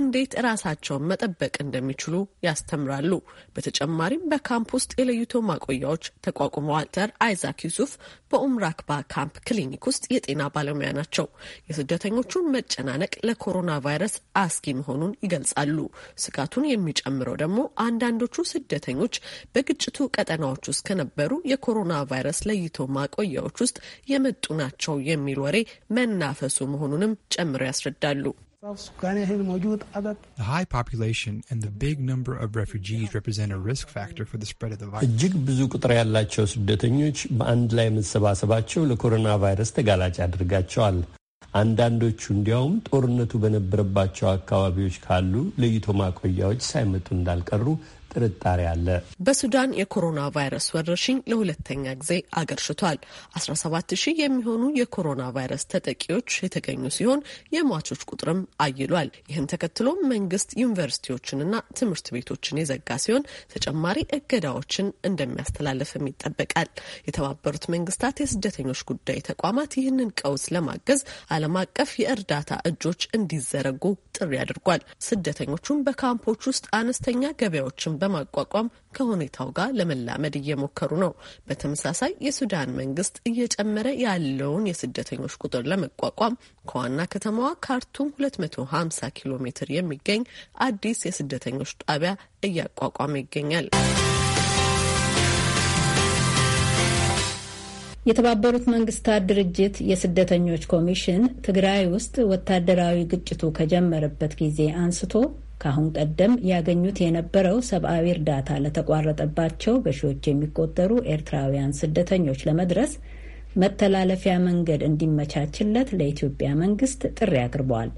እንዴት ራሳቸውን መጠበቅ እንደሚችሉ ያስተምራሉ። በተጨማሪም በካምፕ ውስጥ የለይቶ ማቆያ ስራዎች ተቋቁመዋል። ተር አይዛክ ዩሱፍ በኡምራክባ ካምፕ ክሊኒክ ውስጥ የጤና ባለሙያ ናቸው። የስደተኞቹን መጨናነቅ ለኮሮና ቫይረስ አስጊ መሆኑን ይገልጻሉ። ስጋቱን የሚጨምረው ደግሞ አንዳንዶቹ ስደተኞች በግጭቱ ቀጠናዎች ውስጥ ከነበሩ የኮሮና ቫይረስ ለይቶ ማቆያዎች ውስጥ የመጡ ናቸው የሚል ወሬ መናፈሱ መሆኑንም ጨምረው ያስረዳሉ። The high population and the big number of refugees represent a risk factor for the spread of the virus. እጅግ ብዙ ቁጥር ያላቸው ስደተኞች በአንድ ላይ መሰባሰባቸው ለኮሮና ቫይረስ ተጋላጭ ያደርጋቸዋል። አንዳንዶቹ እንዲያውም ጦርነቱ በነበረባቸው አካባቢዎች ካሉ ለይቶ ማቆያዎች ሳይመጡ እንዳልቀሩ ጥርጣሬ አለ። በሱዳን የኮሮና ቫይረስ ወረርሽኝ ለሁለተኛ ጊዜ አገርሽቷል። 17 ሺህ የሚሆኑ የኮሮና ቫይረስ ተጠቂዎች የተገኙ ሲሆን የሟቾች ቁጥርም አይሏል። ይህን ተከትሎ መንግስት ዩኒቨርሲቲዎችንና ትምህርት ቤቶችን የዘጋ ሲሆን ተጨማሪ እገዳዎችን እንደሚያስተላልፍም ይጠበቃል። የተባበሩት መንግስታት የስደተኞች ጉዳይ ተቋማት ይህንን ቀውስ ለማገዝ ዓለም አቀፍ የእርዳታ እጆች እንዲዘረጉ ጥሪ አድርጓል። ስደተኞቹም በካምፖች ውስጥ አነስተኛ ገበያዎችን በማቋቋም ከሁኔታው ጋር ለመላመድ እየሞከሩ ነው። በተመሳሳይ የሱዳን መንግስት እየጨመረ ያለውን የስደተኞች ቁጥር ለመቋቋም ከዋና ከተማዋ ካርቱም 250 ኪሎ ሜትር የሚገኝ አዲስ የስደተኞች ጣቢያ እያቋቋመ ይገኛል። የተባበሩት መንግስታት ድርጅት የስደተኞች ኮሚሽን ትግራይ ውስጥ ወታደራዊ ግጭቱ ከጀመረበት ጊዜ አንስቶ ከአሁን ቀደም ያገኙት የነበረው ሰብአዊ እርዳታ ለተቋረጠባቸው በሺዎች የሚቆጠሩ ኤርትራውያን ስደተኞች ለመድረስ መተላለፊያ መንገድ እንዲመቻችለት ለኢትዮጵያ መንግስት ጥሪ አቅርበዋል።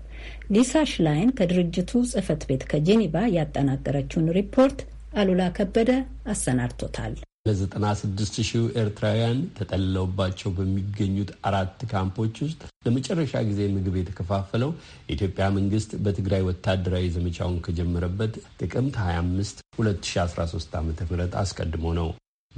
ሊሳ ሽላይን ከድርጅቱ ጽህፈት ቤት ከጄኔቫ ያጠናቀረችውን ሪፖርት አሉላ ከበደ አሰናድቶታል። ለ96 ሺህ ኤርትራውያን ተጠልለውባቸው በሚገኙት አራት ካምፖች ውስጥ ለመጨረሻ ጊዜ ምግብ የተከፋፈለው የኢትዮጵያ መንግስት በትግራይ ወታደራዊ ዘመቻውን ከጀመረበት ጥቅምት 25 2013 ዓ ም አስቀድሞ ነው።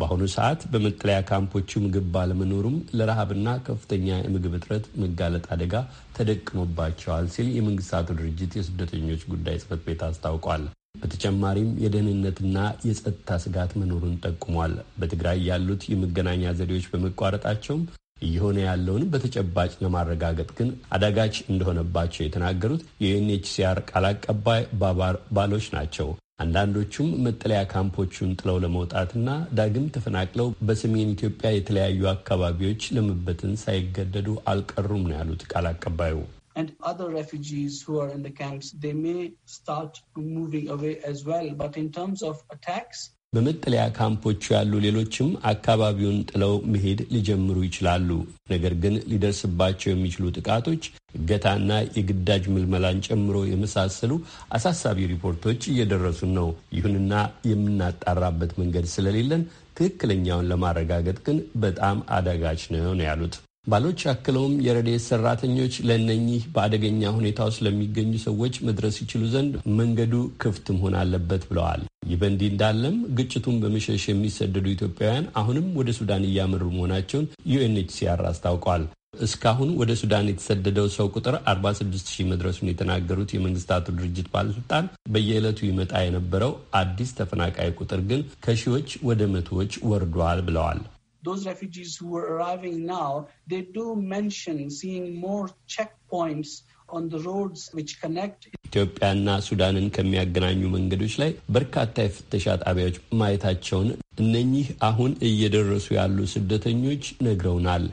በአሁኑ ሰዓት በመጠለያ ካምፖቹ ምግብ ባለመኖሩም ለረሃብና ከፍተኛ የምግብ እጥረት መጋለጥ አደጋ ተደቅኖባቸዋል ሲል የመንግስታቱ ድርጅት የስደተኞች ጉዳይ ጽህፈት ቤት አስታውቋል። በተጨማሪም የደህንነትና የጸጥታ ስጋት መኖሩን ጠቁሟል። በትግራይ ያሉት የመገናኛ ዘዴዎች በመቋረጣቸውም እየሆነ ያለውን በተጨባጭ ለማረጋገጥ ግን አዳጋች እንደሆነባቸው የተናገሩት የዩኤንኤችሲአር ቃል አቀባይ ባባር ባሎች ናቸው። አንዳንዶቹም መጠለያ ካምፖቹን ጥለው ለመውጣትና ዳግም ተፈናቅለው በሰሜን ኢትዮጵያ የተለያዩ አካባቢዎች ለመበተን ሳይገደዱ አልቀሩም ነው ያሉት ቃል አቀባዩ። and other refugees who are in the camps, they may start moving away as well. But in terms of attacks, በመጠለያ ካምፖቹ ያሉ ሌሎችም አካባቢውን ጥለው መሄድ ሊጀምሩ ይችላሉ። ነገር ግን ሊደርስባቸው የሚችሉ ጥቃቶች፣ እገታና የግዳጅ ምልመላን ጨምሮ የመሳሰሉ አሳሳቢ ሪፖርቶች እየደረሱን ነው። ይሁንና የምናጣራበት መንገድ ስለሌለን ትክክለኛውን ለማረጋገጥ ግን በጣም አዳጋች ነው ነው ያሉት። ባሎች አክለውም የረድኤት ሰራተኞች ለነኚህ በአደገኛ ሁኔታ ውስጥ ለሚገኙ ሰዎች መድረስ ይችሉ ዘንድ መንገዱ ክፍት መሆን አለበት ብለዋል። ይህ በእንዲህ እንዳለም ግጭቱን በመሸሽ የሚሰደዱ ኢትዮጵያውያን አሁንም ወደ ሱዳን እያመሩ መሆናቸውን ዩኤንኤችሲአር አስታውቋል። እስካሁን ወደ ሱዳን የተሰደደው ሰው ቁጥር 46 ሺህ መድረሱን የተናገሩት የመንግስታቱ ድርጅት ባለስልጣን በየዕለቱ ይመጣ የነበረው አዲስ ተፈናቃይ ቁጥር ግን ከሺዎች ወደ መቶዎች ወርዷል ብለዋል። those refugees who are arriving now, they do mention seeing more checkpoints on the roads which connect. ኢትዮጵያና ሱዳንን ከሚያገናኙ መንገዶች ላይ በርካታ የፍተሻ ጣቢያዎች ማየታቸውን እነኚህ አሁን እየደረሱ ያሉ ስደተኞች ነግረውናል።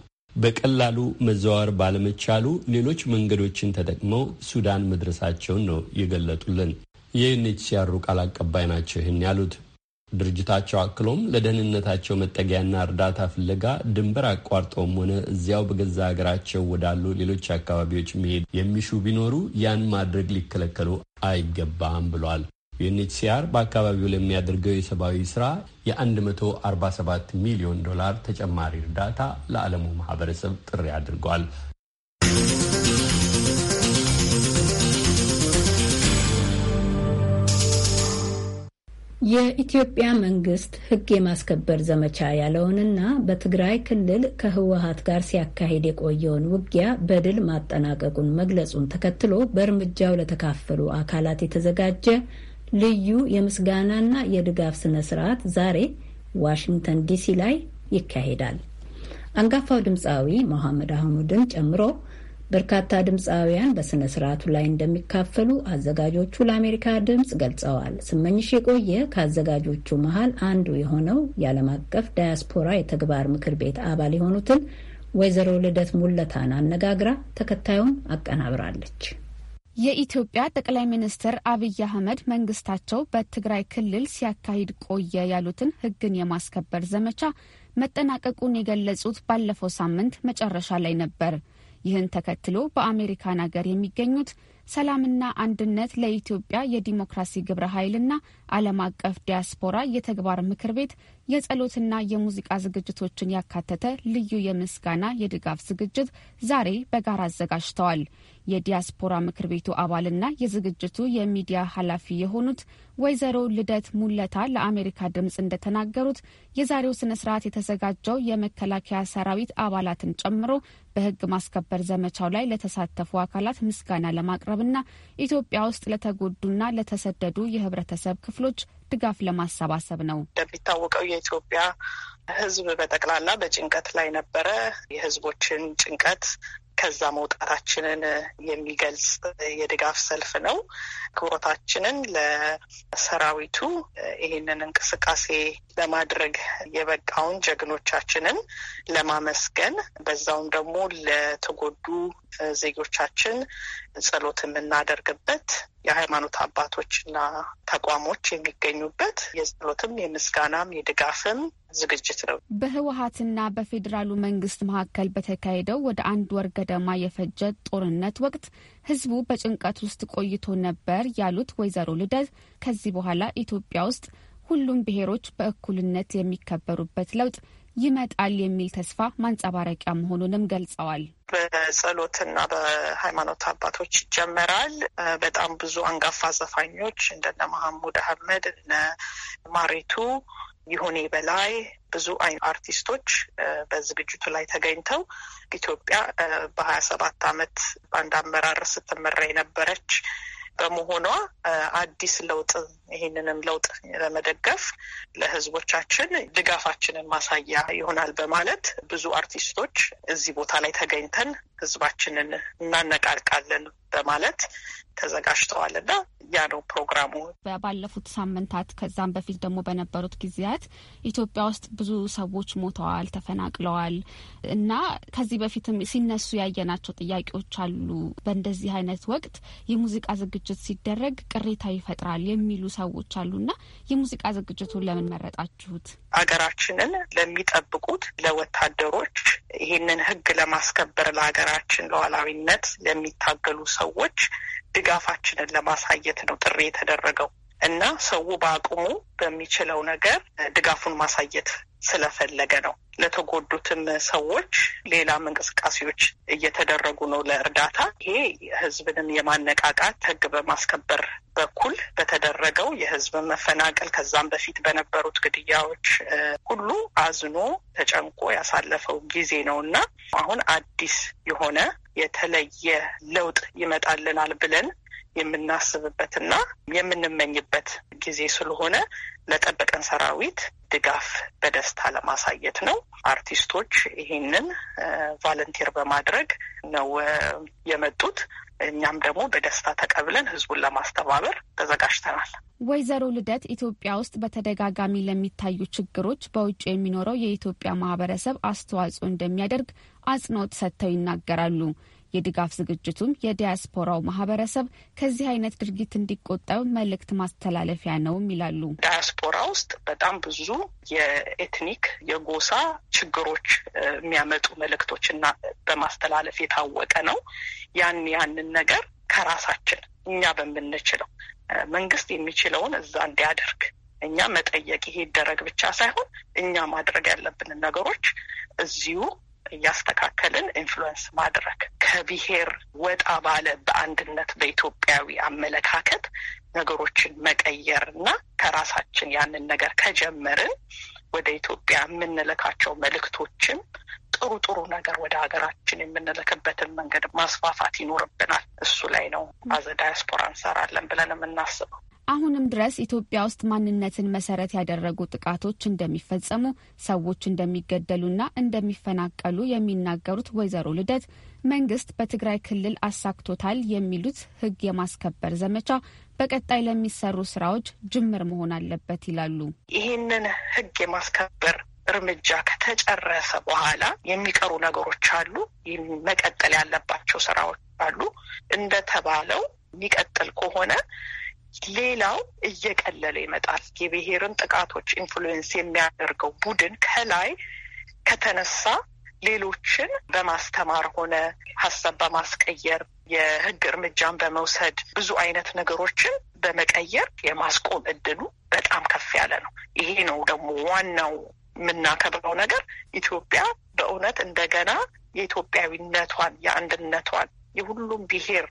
በቀላሉ መዘዋወር ባለመቻሉ ሌሎች መንገዶችን ተጠቅመው ሱዳን መድረሳቸውን ነው የገለጡልን። የዩኤንኤችሲአር ቃል አቀባይ ናቸው ይህን ያሉት። ድርጅታቸው አክሎም ለደህንነታቸው መጠጊያና እርዳታ ፍለጋ ድንበር አቋርጠውም ሆነ እዚያው በገዛ ሀገራቸው ወዳሉ ሌሎች አካባቢዎች መሄድ የሚሹ ቢኖሩ ያን ማድረግ ሊከለከሉ አይገባም ብሏል። ዩኤንኤችሲአር በአካባቢው ለሚያደርገው የሰብአዊ ስራ የ147 ሚሊዮን ዶላር ተጨማሪ እርዳታ ለዓለሙ ማህበረሰብ ጥሪ አድርጓል። የኢትዮጵያ መንግስት ህግ የማስከበር ዘመቻ ያለውንና በትግራይ ክልል ከህወሀት ጋር ሲያካሂድ የቆየውን ውጊያ በድል ማጠናቀቁን መግለጹን ተከትሎ በእርምጃው ለተካፈሉ አካላት የተዘጋጀ ልዩ የምስጋናና የድጋፍ ስነ ስርዓት ዛሬ ዋሽንግተን ዲሲ ላይ ይካሄዳል። አንጋፋው ድምፃዊ መሐመድ አህሙድን ጨምሮ በርካታ ድምፃውያን በሥነ ሥርዓቱ ላይ እንደሚካፈሉ አዘጋጆቹ ለአሜሪካ ድምፅ ገልጸዋል። ስመኝሽ የቆየ ከአዘጋጆቹ መሃል አንዱ የሆነው የዓለም አቀፍ ዳያስፖራ የተግባር ምክር ቤት አባል የሆኑትን ወይዘሮ ልደት ሙለታን አነጋግራ ተከታዩን አቀናብራለች። የኢትዮጵያ ጠቅላይ ሚኒስትር አብይ አህመድ መንግስታቸው በትግራይ ክልል ሲያካሂድ ቆየ ያሉትን ህግን የማስከበር ዘመቻ መጠናቀቁን የገለጹት ባለፈው ሳምንት መጨረሻ ላይ ነበር። ይህን ተከትሎ በአሜሪካን ሀገር የሚገኙት ሰላምና አንድነት ለኢትዮጵያ የዲሞክራሲ ግብረ ኃይልና ዓለም አቀፍ ዲያስፖራ የተግባር ምክር ቤት የጸሎትና የሙዚቃ ዝግጅቶችን ያካተተ ልዩ የምስጋና የድጋፍ ዝግጅት ዛሬ በጋራ አዘጋጅተዋል። የዲያስፖራ ምክር ቤቱ አባልና የዝግጅቱ የሚዲያ ኃላፊ የሆኑት ወይዘሮ ልደት ሙለታ ለአሜሪካ ድምፅ እንደተናገሩት የዛሬው ስነ ስርዓት የተዘጋጀው የመከላከያ ሰራዊት አባላትን ጨምሮ በህግ ማስከበር ዘመቻው ላይ ለተሳተፉ አካላት ምስጋና ለማቅረብና ኢትዮጵያ ውስጥ ለተጎዱና ለተሰደዱ የህብረተሰብ ክፍሎች ድጋፍ ለማሰባሰብ ነው። እንደሚታወቀው የኢትዮጵያ ህዝብ በጠቅላላ በጭንቀት ላይ ነበረ። የህዝቦችን ጭንቀት ከዛ መውጣታችንን የሚገልጽ የድጋፍ ሰልፍ ነው። ክብሮታችንን ለሰራዊቱ ይህንን እንቅስቃሴ ለማድረግ የበቃውን ጀግኖቻችንን ለማመስገን በዛውም ደግሞ ለተጎዱ ዜጎቻችን ጸሎት የምናደርግበት የሃይማኖት አባቶችና ተቋሞች የሚገኙበት የጸሎትም የምስጋናም የድጋፍም ዝግጅት ነው። በህወሀትና በፌዴራሉ መንግስት መካከል በተካሄደው ወደ አንድ ወር ገደማ የፈጀ ጦርነት ወቅት ህዝቡ በጭንቀት ውስጥ ቆይቶ ነበር ያሉት ወይዘሮ ልደት ከዚህ በኋላ ኢትዮጵያ ውስጥ ሁሉም ብሔሮች በእኩልነት የሚከበሩበት ለውጥ ይመጣል የሚል ተስፋ ማንጸባረቂያ መሆኑንም ገልጸዋል። በጸሎትና በሃይማኖት አባቶች ይጀመራል። በጣም ብዙ አንጋፋ ዘፋኞች እንደነ መሐሙድ አህመድ እነ ማሪቱ ይሁኔ በላይ ብዙ አይን አርቲስቶች በዝግጅቱ ላይ ተገኝተው ኢትዮጵያ በሀያ ሰባት አመት በአንድ አመራር ስትመራ የነበረች በመሆኗ አዲስ ለውጥ ይህንንም ለውጥ ለመደገፍ ለህዝቦቻችን ድጋፋችንን ማሳያ ይሆናል በማለት ብዙ አርቲስቶች እዚህ ቦታ ላይ ተገኝተን ህዝባችንን እናነቃቃለን በማለት ተዘጋጅተዋል እና ያ ነው ፕሮግራሙ። ባለፉት ሳምንታት ከዛም በፊት ደግሞ በነበሩት ጊዜያት ኢትዮጵያ ውስጥ ብዙ ሰዎች ሞተዋል፣ ተፈናቅለዋል እና ከዚህ በፊትም ሲነሱ ያየናቸው ጥያቄዎች አሉ። በእንደዚህ አይነት ወቅት የሙዚቃ ዝግጅት ሲደረግ ቅሬታ ይፈጥራል የሚሉ ሰዎች አሉ እና የሙዚቃ ዝግጅቱን ለምን መረጣችሁት? አገራችንን ለሚጠብቁት ለወታደሮች ይህንን ህግ ለማስከበር ለሀገር ለሀገራችን ለኋላዊነት ለሚታገሉ ሰዎች ድጋፋችንን ለማሳየት ነው ጥሪ የተደረገው። እና ሰው በአቅሙ በሚችለው ነገር ድጋፉን ማሳየት ስለፈለገ ነው። ለተጎዱትም ሰዎች ሌላም እንቅስቃሴዎች እየተደረጉ ነው ለእርዳታ። ይሄ ህዝብንም የማነቃቃት ህግ በማስከበር በኩል በተደረገው የህዝብ መፈናቀል ከዛም በፊት በነበሩት ግድያዎች ሁሉ አዝኖ ተጨንቆ ያሳለፈው ጊዜ ነው እና አሁን አዲስ የሆነ የተለየ ለውጥ ይመጣልናል ብለን የምናስብበትና የምንመኝበት ጊዜ ስለሆነ ለጠበቀን ሰራዊት ድጋፍ በደስታ ለማሳየት ነው። አርቲስቶች ይሄንን ቫለንቲር በማድረግ ነው የመጡት። እኛም ደግሞ በደስታ ተቀብለን ህዝቡን ለማስተባበር ተዘጋጅተናል። ወይዘሮ ልደት ኢትዮጵያ ውስጥ በተደጋጋሚ ለሚታዩ ችግሮች በውጭ የሚኖረው የኢትዮጵያ ማህበረሰብ አስተዋጽኦ እንደሚያደርግ አጽንኦት ሰጥተው ይናገራሉ። የድጋፍ ዝግጅቱም የዲያስፖራው ማህበረሰብ ከዚህ አይነት ድርጊት እንዲቆጠብ መልእክት ማስተላለፊያ ነውም ይላሉ። ዲያስፖራ ውስጥ በጣም ብዙ የኤትኒክ የጎሳ ችግሮች የሚያመጡ መልእክቶችና በማስተላለፍ የታወቀ ነው። ያን ያንን ነገር ከራሳችን እኛ በምንችለው መንግስት የሚችለውን እዛ እንዲያደርግ እኛ መጠየቅ ይሄ ይደረግ ብቻ ሳይሆን እኛ ማድረግ ያለብንን ነገሮች እዚሁ እያስተካከልን ኢንፍሉዌንስ ማድረግ ከብሄር ወጣ ባለ በአንድነት በኢትዮጵያዊ አመለካከት ነገሮችን መቀየር እና ከራሳችን ያንን ነገር ከጀመርን ወደ ኢትዮጵያ የምንልካቸው መልእክቶችን ጥሩ ጥሩ ነገር ወደ ሀገራችን የምንልክበትን መንገድ ማስፋፋት ይኖርብናል። እሱ ላይ ነው አዘ ዳያስፖራ እንሰራለን ብለን የምናስበው። አሁንም ድረስ ኢትዮጵያ ውስጥ ማንነትን መሰረት ያደረጉ ጥቃቶች እንደሚፈጸሙ፣ ሰዎች እንደሚገደሉና እንደሚፈናቀሉ የሚናገሩት ወይዘሮ ልደት መንግስት በትግራይ ክልል አሳክቶታል የሚሉት ህግ የማስከበር ዘመቻ በቀጣይ ለሚሰሩ ስራዎች ጅምር መሆን አለበት ይላሉ። ይህንን ህግ የማስከበር እርምጃ ከተጨረሰ በኋላ የሚቀሩ ነገሮች አሉ። መቀጠል ያለባቸው ስራዎች አሉ። እንደተባለው የሚቀጥል ከሆነ ሌላው እየቀለለ ይመጣል። የብሔርን ጥቃቶች ኢንፍሉዌንስ የሚያደርገው ቡድን ከላይ ከተነሳ ሌሎችን በማስተማር ሆነ ሀሳብ በማስቀየር የህግ እርምጃን በመውሰድ ብዙ አይነት ነገሮችን በመቀየር የማስቆም እድሉ በጣም ከፍ ያለ ነው። ይሄ ነው ደግሞ ዋናው የምናከብረው ነገር ኢትዮጵያ በእውነት እንደገና የኢትዮጵያዊነቷን የአንድነቷን የሁሉም ብሔር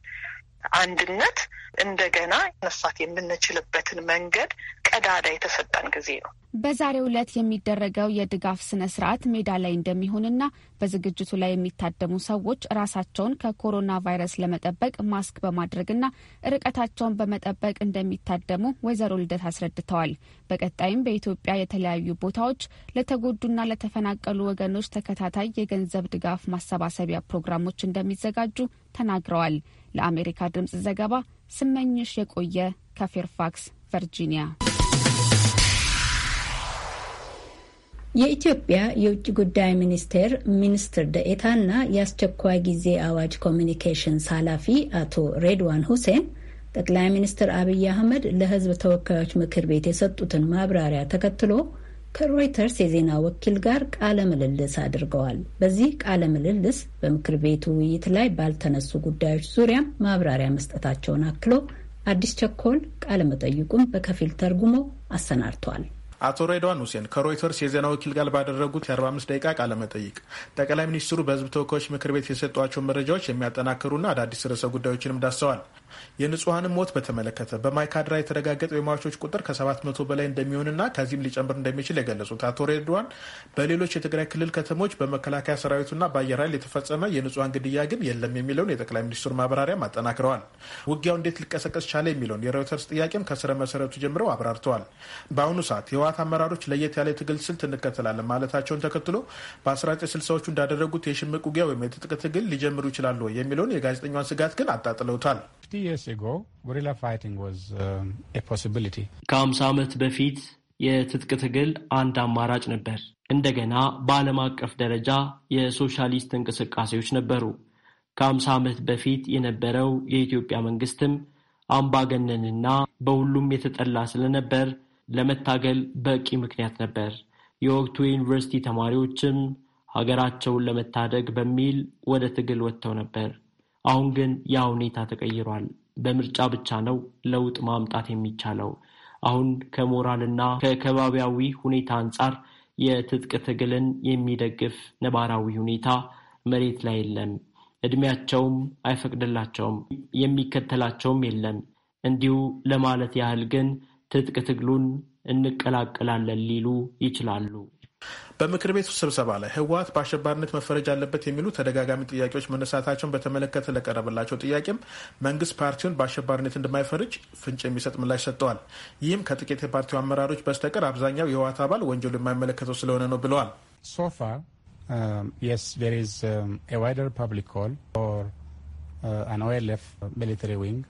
አንድነት እንደገና መሳት የምንችልበትን መንገድ ቀዳዳ የተሰጠን ጊዜ ነው። በዛሬው ዕለት የሚደረገው የድጋፍ ስነ ስርዓት ሜዳ ላይ እንደሚሆንና በዝግጅቱ ላይ የሚታደሙ ሰዎች ራሳቸውን ከኮሮና ቫይረስ ለመጠበቅ ማስክ በማድረግና ርቀታቸውን በመጠበቅ እንደሚታደሙ ወይዘሮ ልደት አስረድተዋል። በቀጣይም በኢትዮጵያ የተለያዩ ቦታዎች ለተጎዱና ለተፈናቀሉ ወገኖች ተከታታይ የገንዘብ ድጋፍ ማሰባሰቢያ ፕሮግራሞች እንደሚዘጋጁ ተናግረዋል። ለአሜሪካ ድምፅ ዘገባ ስመኝሽ የቆየ ከፌርፋክስ ቨርጂኒያ። የኢትዮጵያ የውጭ ጉዳይ ሚኒስቴር ሚኒስትር ደኤታና የአስቸኳይ ጊዜ አዋጅ ኮሚኒኬሽንስ ኃላፊ አቶ ሬድዋን ሁሴን ጠቅላይ ሚኒስትር አብይ አህመድ ለሕዝብ ተወካዮች ምክር ቤት የሰጡትን ማብራሪያ ተከትሎ ከሮይተርስ የዜና ወኪል ጋር ቃለ ምልልስ አድርገዋል። በዚህ ቃለ ምልልስ በምክር ቤቱ ውይይት ላይ ባልተነሱ ጉዳዮች ዙሪያም ማብራሪያ መስጠታቸውን አክሎ አዲስ ቸኮል ቃለ መጠይቁን በከፊል ተርጉሞ አሰናድቷል። አቶ ሬድዋን ሁሴን ከሮይተርስ የዜና ወኪል ጋር ባደረጉት የ45 ደቂቃ ቃለመጠይቅ ጠቅላይ ሚኒስትሩ በሕዝብ ተወካዮች ምክር ቤት የሰጧቸውን መረጃዎች የሚያጠናክሩና አዳዲስ ርዕሰ ጉዳዮችንም ዳሰዋል። የንጹሐንም ሞት በተመለከተ በማይካድራ የተረጋገጠው የሟቾች ቁጥር ከ700 በላይ እንደሚሆንና ከዚህም ሊጨምር እንደሚችል የገለጹት አቶ ሬድዋን በሌሎች የትግራይ ክልል ከተሞች በመከላከያ ሰራዊቱና በአየር ኃይል የተፈጸመ የንጹሐን ግድያ ግን የለም የሚለውን የጠቅላይ ሚኒስትሩ ማብራሪያ አጠናክረዋል። ውጊያው እንዴት ሊቀሰቀስ ቻለ የሚለውን የሮይተርስ ጥያቄም ከስረ መሰረቱ ጀምረው አብራርተዋል። በአሁኑ ሰዓት የህወሓት አመራሮች ለየት ያለ የትግል ስልት እንከተላለን ማለታቸውን ተከትሎ በ1960ዎቹ እንዳደረጉት የሽምቅ ውጊያ ወይም የትጥቅ ትግል ሊጀምሩ ይችላሉ የሚለውን የጋዜጠኛን ስጋት ግን አጣጥለውታል። Um, ከ50 ዓመት በፊት የትጥቅ ትግል አንድ አማራጭ ነበር። እንደገና በዓለም አቀፍ ደረጃ የሶሻሊስት እንቅስቃሴዎች ነበሩ። ከ50 ዓመት በፊት የነበረው የኢትዮጵያ መንግስትም አምባገነንና በሁሉም የተጠላ ስለነበር ለመታገል በቂ ምክንያት ነበር። የወቅቱ የዩኒቨርሲቲ ተማሪዎችም ሀገራቸውን ለመታደግ በሚል ወደ ትግል ወጥተው ነበር። አሁን ግን ያ ሁኔታ ተቀይሯል። በምርጫ ብቻ ነው ለውጥ ማምጣት የሚቻለው። አሁን ከሞራልና ከከባቢያዊ ሁኔታ አንጻር የትጥቅ ትግልን የሚደግፍ ነባራዊ ሁኔታ መሬት ላይ የለም። እድሜያቸውም አይፈቅድላቸውም፣ የሚከተላቸውም የለም። እንዲሁ ለማለት ያህል ግን ትጥቅ ትግሉን እንቀላቀላለን ሊሉ ይችላሉ። በምክር ቤቱ ስብሰባ ላይ ህወሀት በአሸባሪነት መፈረጅ አለበት የሚሉ ተደጋጋሚ ጥያቄዎች መነሳታቸውን በተመለከተ ለቀረበላቸው ጥያቄም መንግስት ፓርቲውን በአሸባሪነት እንደማይፈርጅ ፍንጭ የሚሰጥ ምላሽ ሰጥተዋል። ይህም ከጥቂት የፓርቲው አመራሮች በስተቀር አብዛኛው የህወሀት አባል ወንጀሉ የማይመለከተው ስለሆነ ነው ብለዋል። ሚሊተሪ ዊንግ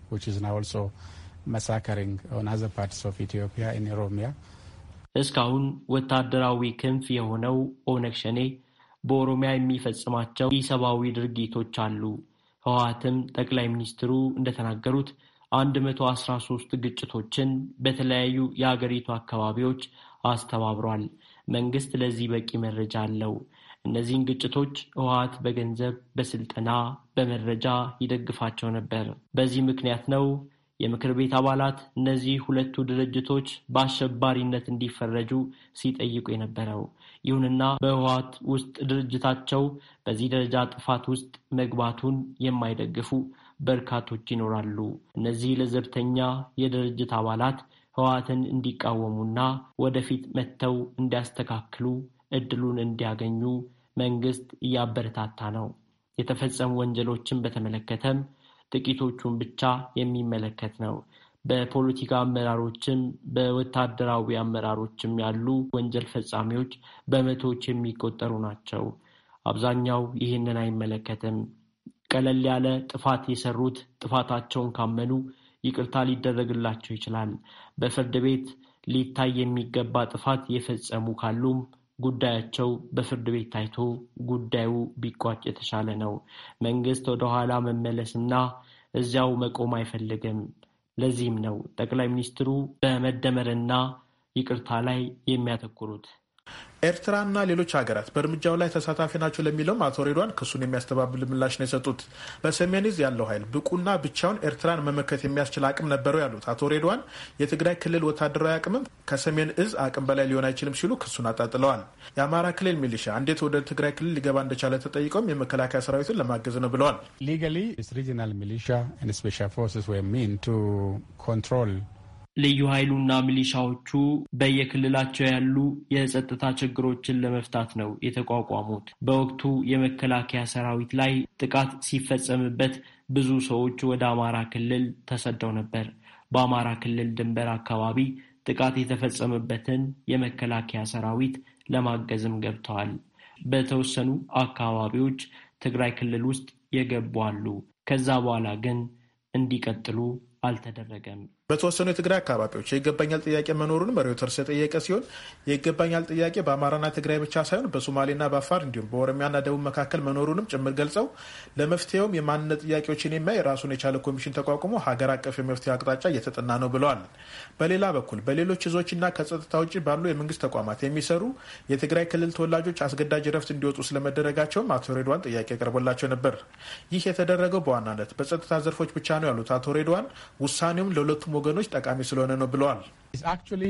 እስካሁን ወታደራዊ ክንፍ የሆነው ኦነግ ሸኔ በኦሮሚያ የሚፈጽማቸው ኢሰብአዊ ድርጊቶች አሉ። ህወሓትም ጠቅላይ ሚኒስትሩ እንደተናገሩት 113 ሶስት ግጭቶችን በተለያዩ የአገሪቱ አካባቢዎች አስተባብሯል። መንግስት ለዚህ በቂ መረጃ አለው። እነዚህን ግጭቶች ህወሓት በገንዘብ፣ በስልጠና፣ በመረጃ ይደግፋቸው ነበር። በዚህ ምክንያት ነው የምክር ቤት አባላት እነዚህ ሁለቱ ድርጅቶች በአሸባሪነት እንዲፈረጁ ሲጠይቁ የነበረው። ይሁንና በህወሓት ውስጥ ድርጅታቸው በዚህ ደረጃ ጥፋት ውስጥ መግባቱን የማይደግፉ በርካቶች ይኖራሉ። እነዚህ ለዘብተኛ የድርጅት አባላት ህወሓትን እንዲቃወሙና ወደፊት መጥተው እንዲያስተካክሉ እድሉን እንዲያገኙ መንግስት እያበረታታ ነው። የተፈጸሙ ወንጀሎችን በተመለከተም ጥቂቶቹን ብቻ የሚመለከት ነው። በፖለቲካ አመራሮችም በወታደራዊ አመራሮችም ያሉ ወንጀል ፈጻሚዎች በመቶዎች የሚቆጠሩ ናቸው። አብዛኛው ይህንን አይመለከትም። ቀለል ያለ ጥፋት የሰሩት ጥፋታቸውን ካመኑ ይቅርታ ሊደረግላቸው ይችላል። በፍርድ ቤት ሊታይ የሚገባ ጥፋት የፈጸሙ ካሉም ጉዳያቸው በፍርድ ቤት ታይቶ ጉዳዩ ቢቋጭ የተሻለ ነው። መንግስት ወደኋላ መመለስና እዚያው መቆም አይፈልግም። ለዚህም ነው ጠቅላይ ሚኒስትሩ በመደመርና ይቅርታ ላይ የሚያተኩሩት። ኤርትራና ሌሎች ሀገራት በእርምጃው ላይ ተሳታፊ ናቸው ለሚለውም አቶ ሬድዋን ክሱን የሚያስተባብል ምላሽ ነው የሰጡት። በሰሜን እዝ ያለው ኃይል ብቁና ብቻውን ኤርትራን መመከት የሚያስችል አቅም ነበረው ያሉት አቶ ሬድዋን የትግራይ ክልል ወታደራዊ አቅምም ከሰሜን እዝ አቅም በላይ ሊሆን አይችልም ሲሉ ክሱን አጣጥለዋል። የአማራ ክልል ሚሊሻ እንዴት ወደ ትግራይ ክልል ሊገባ እንደቻለ ተጠይቀውም የመከላከያ ሰራዊቱን ለማገዝ ነው ብለዋል። ሊጋሊ ሪጂናል ሚሊሻ ስፔሻል ፎርስስ ወይም ሚን ቱ ኮንትሮል ልዩ ኃይሉና ሚሊሻዎቹ በየክልላቸው ያሉ የጸጥታ ችግሮችን ለመፍታት ነው የተቋቋሙት። በወቅቱ የመከላከያ ሰራዊት ላይ ጥቃት ሲፈጸምበት ብዙ ሰዎች ወደ አማራ ክልል ተሰደው ነበር። በአማራ ክልል ድንበር አካባቢ ጥቃት የተፈጸመበትን የመከላከያ ሰራዊት ለማገዝም ገብተዋል። በተወሰኑ አካባቢዎች ትግራይ ክልል ውስጥ የገቡ አሉ። ከዛ በኋላ ግን እንዲቀጥሉ አልተደረገም። በተወሰኑ የትግራይ አካባቢዎች የይገባኛል ጥያቄ መኖሩንም ሬውተርስ የጠየቀ ሲሆን የይገባኛል ጥያቄ በአማራና ትግራይ ብቻ ሳይሆን በሶማሌና በአፋር እንዲሁም በኦሮሚያና ደቡብ መካከል መኖሩንም ጭምር ገልጸው ለመፍትሄውም የማንነት ጥያቄዎችን የሚያይ ራሱን የቻለ ኮሚሽን ተቋቁሞ ሀገር አቀፍ የመፍትሄ አቅጣጫ እየተጠና ነው ብለዋል። በሌላ በኩል በሌሎች እዞችና ከጸጥታ ውጭ ባሉ የመንግስት ተቋማት የሚሰሩ የትግራይ ክልል ተወላጆች አስገዳጅ ረፍት እንዲወጡ ስለመደረጋቸውም አቶ ሬድዋን ጥያቄ ቀርቦላቸው ነበር። ይህ የተደረገው በዋናነት በጸጥታ ዘርፎች ብቻ ነው ያሉት አቶ ሬድዋን ውሳኔውም ለሁለቱም ወገኖች ጠቃሚ ስለሆነ ነው ብለዋል። um,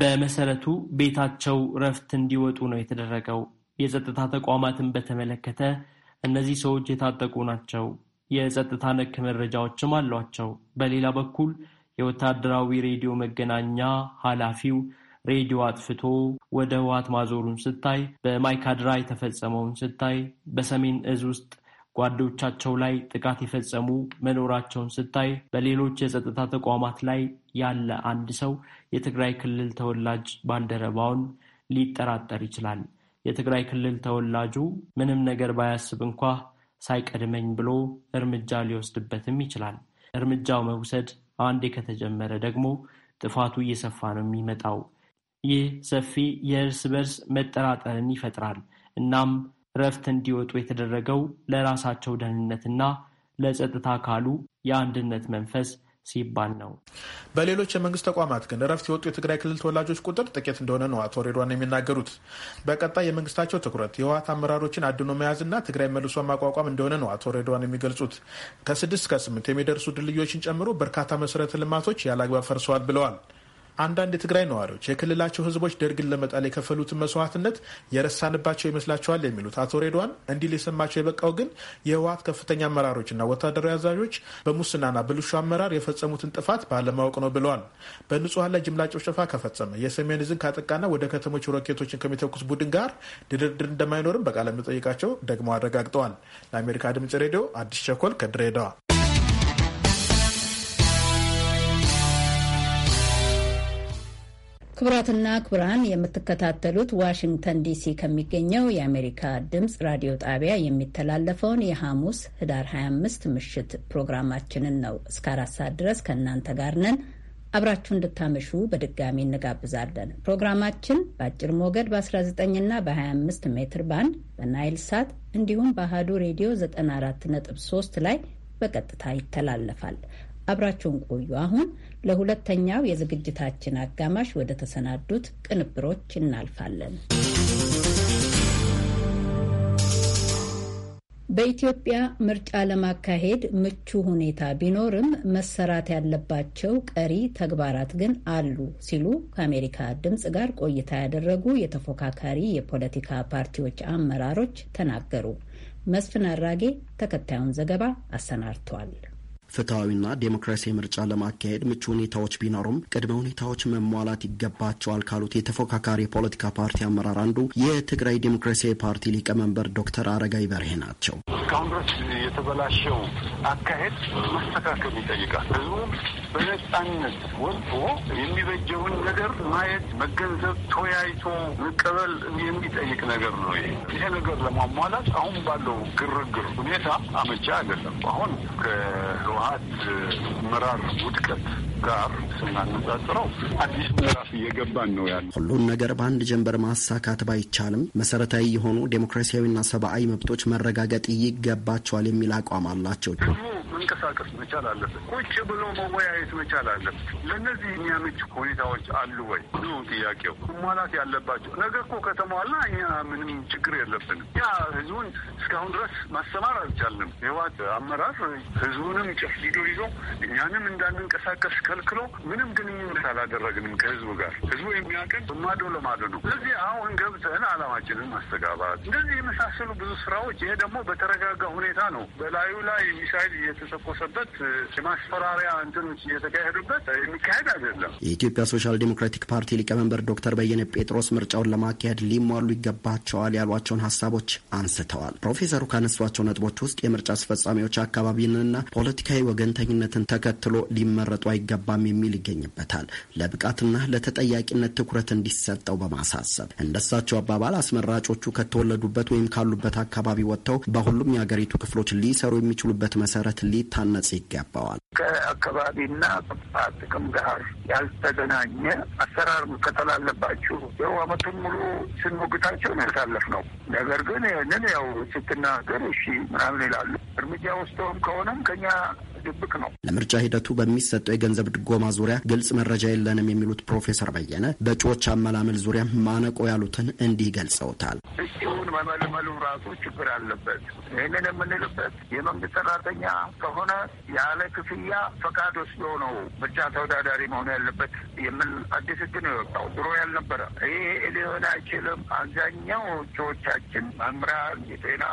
በመሰረቱ ቤታቸው እረፍት እንዲወጡ ነው የተደረገው። የጸጥታ ተቋማትን በተመለከተ እነዚህ ሰዎች የታጠቁ ናቸው። የጸጥታ ነክ መረጃዎችም አሏቸው። በሌላ በኩል የወታደራዊ ሬዲዮ መገናኛ ኃላፊው ሬዲዮ አጥፍቶ ወደ ህወሓት ማዞሩን ስታይ፣ በማይካድራ የተፈጸመውን ስታይ፣ በሰሜን እዝ ውስጥ ጓዶቻቸው ላይ ጥቃት የፈጸሙ መኖራቸውን ስታይ በሌሎች የጸጥታ ተቋማት ላይ ያለ አንድ ሰው የትግራይ ክልል ተወላጅ ባልደረባውን ሊጠራጠር ይችላል። የትግራይ ክልል ተወላጁ ምንም ነገር ባያስብ እንኳ ሳይቀድመኝ ብሎ እርምጃ ሊወስድበትም ይችላል። እርምጃው መውሰድ አንዴ ከተጀመረ ደግሞ ጥፋቱ እየሰፋ ነው የሚመጣው። ይህ ሰፊ የእርስ በርስ መጠራጠርን ይፈጥራል። እናም እረፍት እንዲወጡ የተደረገው ለራሳቸው ደህንነትና ለጸጥታ አካሉ የአንድነት መንፈስ ሲባል ነው። በሌሎች የመንግስት ተቋማት ግን እረፍት የወጡ የትግራይ ክልል ተወላጆች ቁጥር ጥቂት እንደሆነ ነው አቶ ሬድዋን የሚናገሩት። በቀጣይ የመንግስታቸው ትኩረት የህወሓት አመራሮችን አድኖ መያዝና ትግራይ መልሶ ማቋቋም እንደሆነ ነው አቶ ሬድዋን የሚገልጹት። ከስድስት ከስምንት የሚደርሱ ድልድዮችን ጨምሮ በርካታ መሰረተ ልማቶች ያለ አግባብ ፈርሰዋል ብለዋል። አንዳንድ የትግራይ ነዋሪዎች የክልላቸው ህዝቦች ደርግን ለመጣል የከፈሉትን መስዋዕትነት የረሳንባቸው ይመስላቸዋል የሚሉት አቶ ሬድዋን እንዲህ ሊሰማቸው የበቃው ግን የህወሀት ከፍተኛ አመራሮችና ወታደራዊ አዛዦች በሙስናና ብልሹ አመራር የፈጸሙትን ጥፋት ባለማወቅ ነው ብለዋል። በንጹሐን ላይ ጅምላ ጭፍጨፋ ከፈጸመ የሰሜን እዝን ካጠቃና ወደ ከተሞች ሮኬቶችን ከሚተኩስ ቡድን ጋር ድርድር እንደማይኖርም በቃለ መጠይቃቸው ደግሞ አረጋግጠዋል። ለአሜሪካ ድምጽ ሬዲዮ አዲስ ቸኮል ከድሬዳዋ ክቡራትና ክቡራን የምትከታተሉት ዋሽንግተን ዲሲ ከሚገኘው የአሜሪካ ድምፅ ራዲዮ ጣቢያ የሚተላለፈውን የሐሙስ ህዳር 25 ምሽት ፕሮግራማችንን ነው። እስከ አራት ሰዓት ድረስ ከእናንተ ጋር ነን። አብራችሁ እንድታመሹ በድጋሚ እንጋብዛለን። ፕሮግራማችን በአጭር ሞገድ በ19ና በ25 ሜትር ባንድ በናይል ሳት እንዲሁም በአህዱ ሬዲዮ 94.3 ላይ በቀጥታ ይተላለፋል። አብራችሁን ቆዩ። አሁን ለሁለተኛው የዝግጅታችን አጋማሽ ወደ ተሰናዱት ቅንብሮች እናልፋለን። በኢትዮጵያ ምርጫ ለማካሄድ ምቹ ሁኔታ ቢኖርም መሰራት ያለባቸው ቀሪ ተግባራት ግን አሉ ሲሉ ከአሜሪካ ድምፅ ጋር ቆይታ ያደረጉ የተፎካካሪ የፖለቲካ ፓርቲዎች አመራሮች ተናገሩ። መስፍን አራጌ ተከታዩን ዘገባ አሰናድቷል። ፍትሐዊና ዴሞክራሲያዊ ምርጫ ለማካሄድ ምቹ ሁኔታዎች ቢኖሩም ቅድመ ሁኔታዎች መሟላት ይገባቸዋል ካሉት የተፎካካሪ የፖለቲካ ፓርቲ አመራር አንዱ የትግራይ ዴሞክራሲያዊ ፓርቲ ሊቀመንበር ዶክተር አረጋይ በርሄ ናቸው። እስካሁን ድረስ የተበላሸው አካሄድ ማስተካከል ይጠይቃል። ህዝቡም በነጻነት ወጥቶ የሚበጀውን ነገር ማየት፣ መገንዘብ፣ ተወያይቶ መቀበል የሚጠይቅ ነገር ነው። ይሄ ይሄ ነገር ለማሟላት አሁን ባለው ግርግር ሁኔታ አመቻ አይደለም። አሁን የህወሀት ምራር ውድቀት ጋር ስናነጻጽረው አዲስ ምዕራፍ እየገባን ነው ያለ። ሁሉን ነገር በአንድ ጀንበር ማሳካት ባይቻልም መሰረታዊ የሆኑ ዴሞክራሲያዊና ሰብአዊ መብቶች መረጋገጥ ይገባቸዋል የሚል አቋም አላቸው። መንቀሳቀስ መቻል አለበት። ቁጭ ብሎ መወያየት መቻል አለበት። ለእነዚህ የሚያመች ሁኔታዎች አሉ ወይ ነው ጥያቄው። መሟላት ያለባቸው ነገ እኮ ከተሟላ እኛ ምንም ችግር የለብንም። ያ ህዝቡን እስካሁን ድረስ ማሰማር አልቻልንም። ህወሓት አመራር ህዝቡንም ጨፍድዶ ይዞ እኛንም እንዳንንቀሳቀስ ከልክሎ ምንም ግንኙነት አላደረግንም ከህዝቡ ጋር። ህዝቡ የሚያቅን ማዶ ለማዶ ነው። ስለዚህ አሁን ገብተን አላማችንን ማስተጋባት እንደዚህ የመሳሰሉ ብዙ ስራዎች፣ ይሄ ደግሞ በተረጋጋ ሁኔታ ነው በላዩ ላይ ሚሳይል እየተሰ የተተኮሰበት የማስፈራሪያ እንትኖች እየተካሄዱበት የሚካሄድ አይደለም። የኢትዮጵያ ሶሻል ዴሞክራቲክ ፓርቲ ሊቀመንበር ዶክተር በየነ ጴጥሮስ ምርጫውን ለማካሄድ ሊሟሉ ይገባቸዋል ያሏቸውን ሀሳቦች አንስተዋል። ፕሮፌሰሩ ካነሷቸው ነጥቦች ውስጥ የምርጫ አስፈጻሚዎች አካባቢንና ፖለቲካዊ ወገንተኝነትን ተከትሎ ሊመረጡ አይገባም የሚል ይገኝበታል። ለብቃትና ለተጠያቂነት ትኩረት እንዲሰጠው በማሳሰብ እንደሳቸው አባባል አስመራጮቹ ከተወለዱበት ወይም ካሉበት አካባቢ ወጥተው በሁሉም የአገሪቱ ክፍሎች ሊሰሩ የሚችሉበት መሰረት ሊታ መታነጽ ይገባዋል። ከአካባቢና ከጥፋት ጥቅም ጋር ያልተገናኘ አሰራር መከተል አለባችሁ። ያው አመቱን ሙሉ ስንሞግታቸው ነው ያሳለፍነው። ነገር ግን ይህንን ያው ስትናገር እሺ ምናምን ይላሉ። እርምጃ ወስደውም ከሆነም ከኛ ድብቅ ነው። ለምርጫ ሂደቱ በሚሰጠው የገንዘብ ድጎማ ዙሪያ ግልጽ መረጃ የለንም የሚሉት ፕሮፌሰር በየነ በእጩዎች አመላመል ዙሪያ ማነቆ ያሉትን እንዲህ ገልጸውታል። እጩውን መመልመሉ ራሱ ችግር አለበት። ይህንን የምንልበት የመንግስት ሰራተኛ ከሆነ ያለ ክፍያ ፈቃድ ወስዶ ነው ምርጫ ተወዳዳሪ መሆን ያለበት የሚል አዲስ ህግ ነው የወጣው። ድሮ ያልነበረ ይህ ሊሆን አይችልም። አብዛኛው እጩዎቻችን መምህራን፣ የጤና፣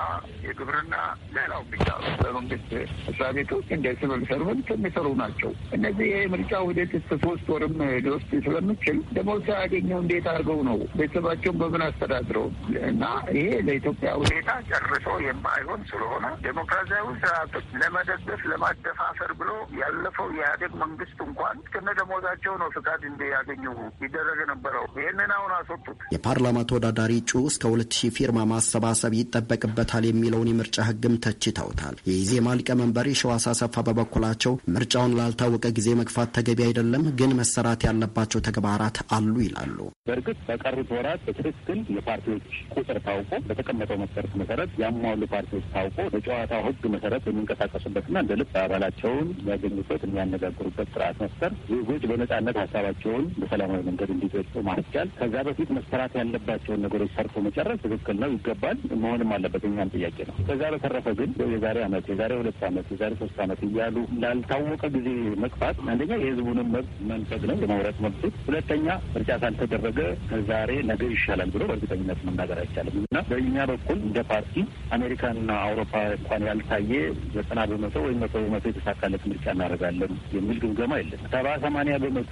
የግብርና ሌላው ብቻ በመንግስት መስሪያ ቤቶች እንደ ሲቪል ስብር ሰርቨንት የሚሰሩ ናቸው። እነዚህ የምርጫ ውህደት እስከ ሶስት ወርም ሊወስድ ስለምችል ደሞዝ ያገኘው እንዴት አድርገው ነው ቤተሰባቸውን በምን አስተዳድረው እና ይሄ ለኢትዮጵያ ሁኔታ ጨርሶ የማይሆን ስለሆነ ዴሞክራሲያዊ ስርዓቶች ለመደገፍ ለማደፋፈር ብሎ ያለፈው የኢህአዴግ መንግስት እንኳን እስከነ ደሞዛቸው ነው ፍቃድ እንዲያገኙ ይደረግ ነበረው። ይህንን አሁን አስወጡት። የፓርላማ ተወዳዳሪ እጩ እስከ ሁለት ሺህ ፊርማ ማሰባሰብ ይጠበቅበታል የሚለውን የምርጫ ህግም ተችተውታል። የኢዜማ ሊቀመንበር የሸዋስ አሰፋ በበኩላቸው ምርጫውን ላልታወቀ ጊዜ መግፋት ተገቢ አይደለም፣ ግን መሰራት ያለባቸው ተግባራት አሉ ይላሉ። በእርግጥ በቀሩት ወራት በትክክል የፓርቲዎች ቁጥር ታውቆ በተቀመጠው መሰረት መሰረት ያሟሉ ፓርቲዎች ታውቆ በጨዋታው ሕግ መሰረት የሚንቀሳቀሱበትና እንደ ልብ አባላቸውን የሚያገኙበት የሚያነጋግሩበት ስርዓት መፍጠር፣ ዜጎች በነጻነት ሀሳባቸውን በሰላማዊ መንገድ እንዲገልጹ ማስቻል፣ ከዛ በፊት መሰራት ያለባቸውን ነገሮች ሰርቶ መጨረስ ትክክል ነው፣ ይገባል፣ መሆንም አለበት። እኛም ጥያቄ ነው። ከዛ በተረፈ ግን የዛሬ አመት የዛሬ ሁለት አመት የዛሬ ሶስት አመት እያሉ እንዳልታወቀ ጊዜ መቅፋት አንደኛ የህዝቡንም መብት መንፈግ ነው የመምረጥ መብቱ። ሁለተኛ ምርጫ ሳልተደረገ ከዛሬ ነገር ይሻላል ብሎ በእርግጠኝነት መናገር አይቻልም እና በእኛ በኩል እንደ ፓርቲ አሜሪካና አውሮፓ እንኳን ያልታየ ዘጠና በመቶ ወይም መቶ በመቶ የተሳካለት ምርጫ እናደርጋለን የሚል ግምገማ የለም። ሰባ ሰማንያ በመቶ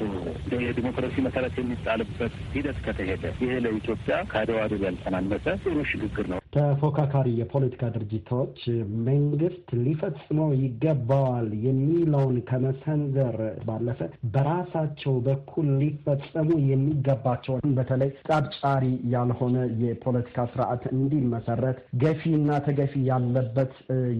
የዲሞክራሲ መሰረት የሚጣልበት ሂደት ከተሄደ ይሄ ለኢትዮጵያ ከአድዋ ድል ያልተናነሰ ጥሩ ሽግግር ነው። ተፎካካሪ የፖለቲካ ድርጅቶች መንግስት ሊፈጽመው ይገባዋል የሚለውን ከመሰንዘር ባለፈ በራሳቸው በኩል ሊፈጸሙ የሚገባቸውን በተለይ ጫብጫሪ ያልሆነ የፖለቲካ ስርዓት እንዲመሰረት ገፊና ተገፊ ያለበት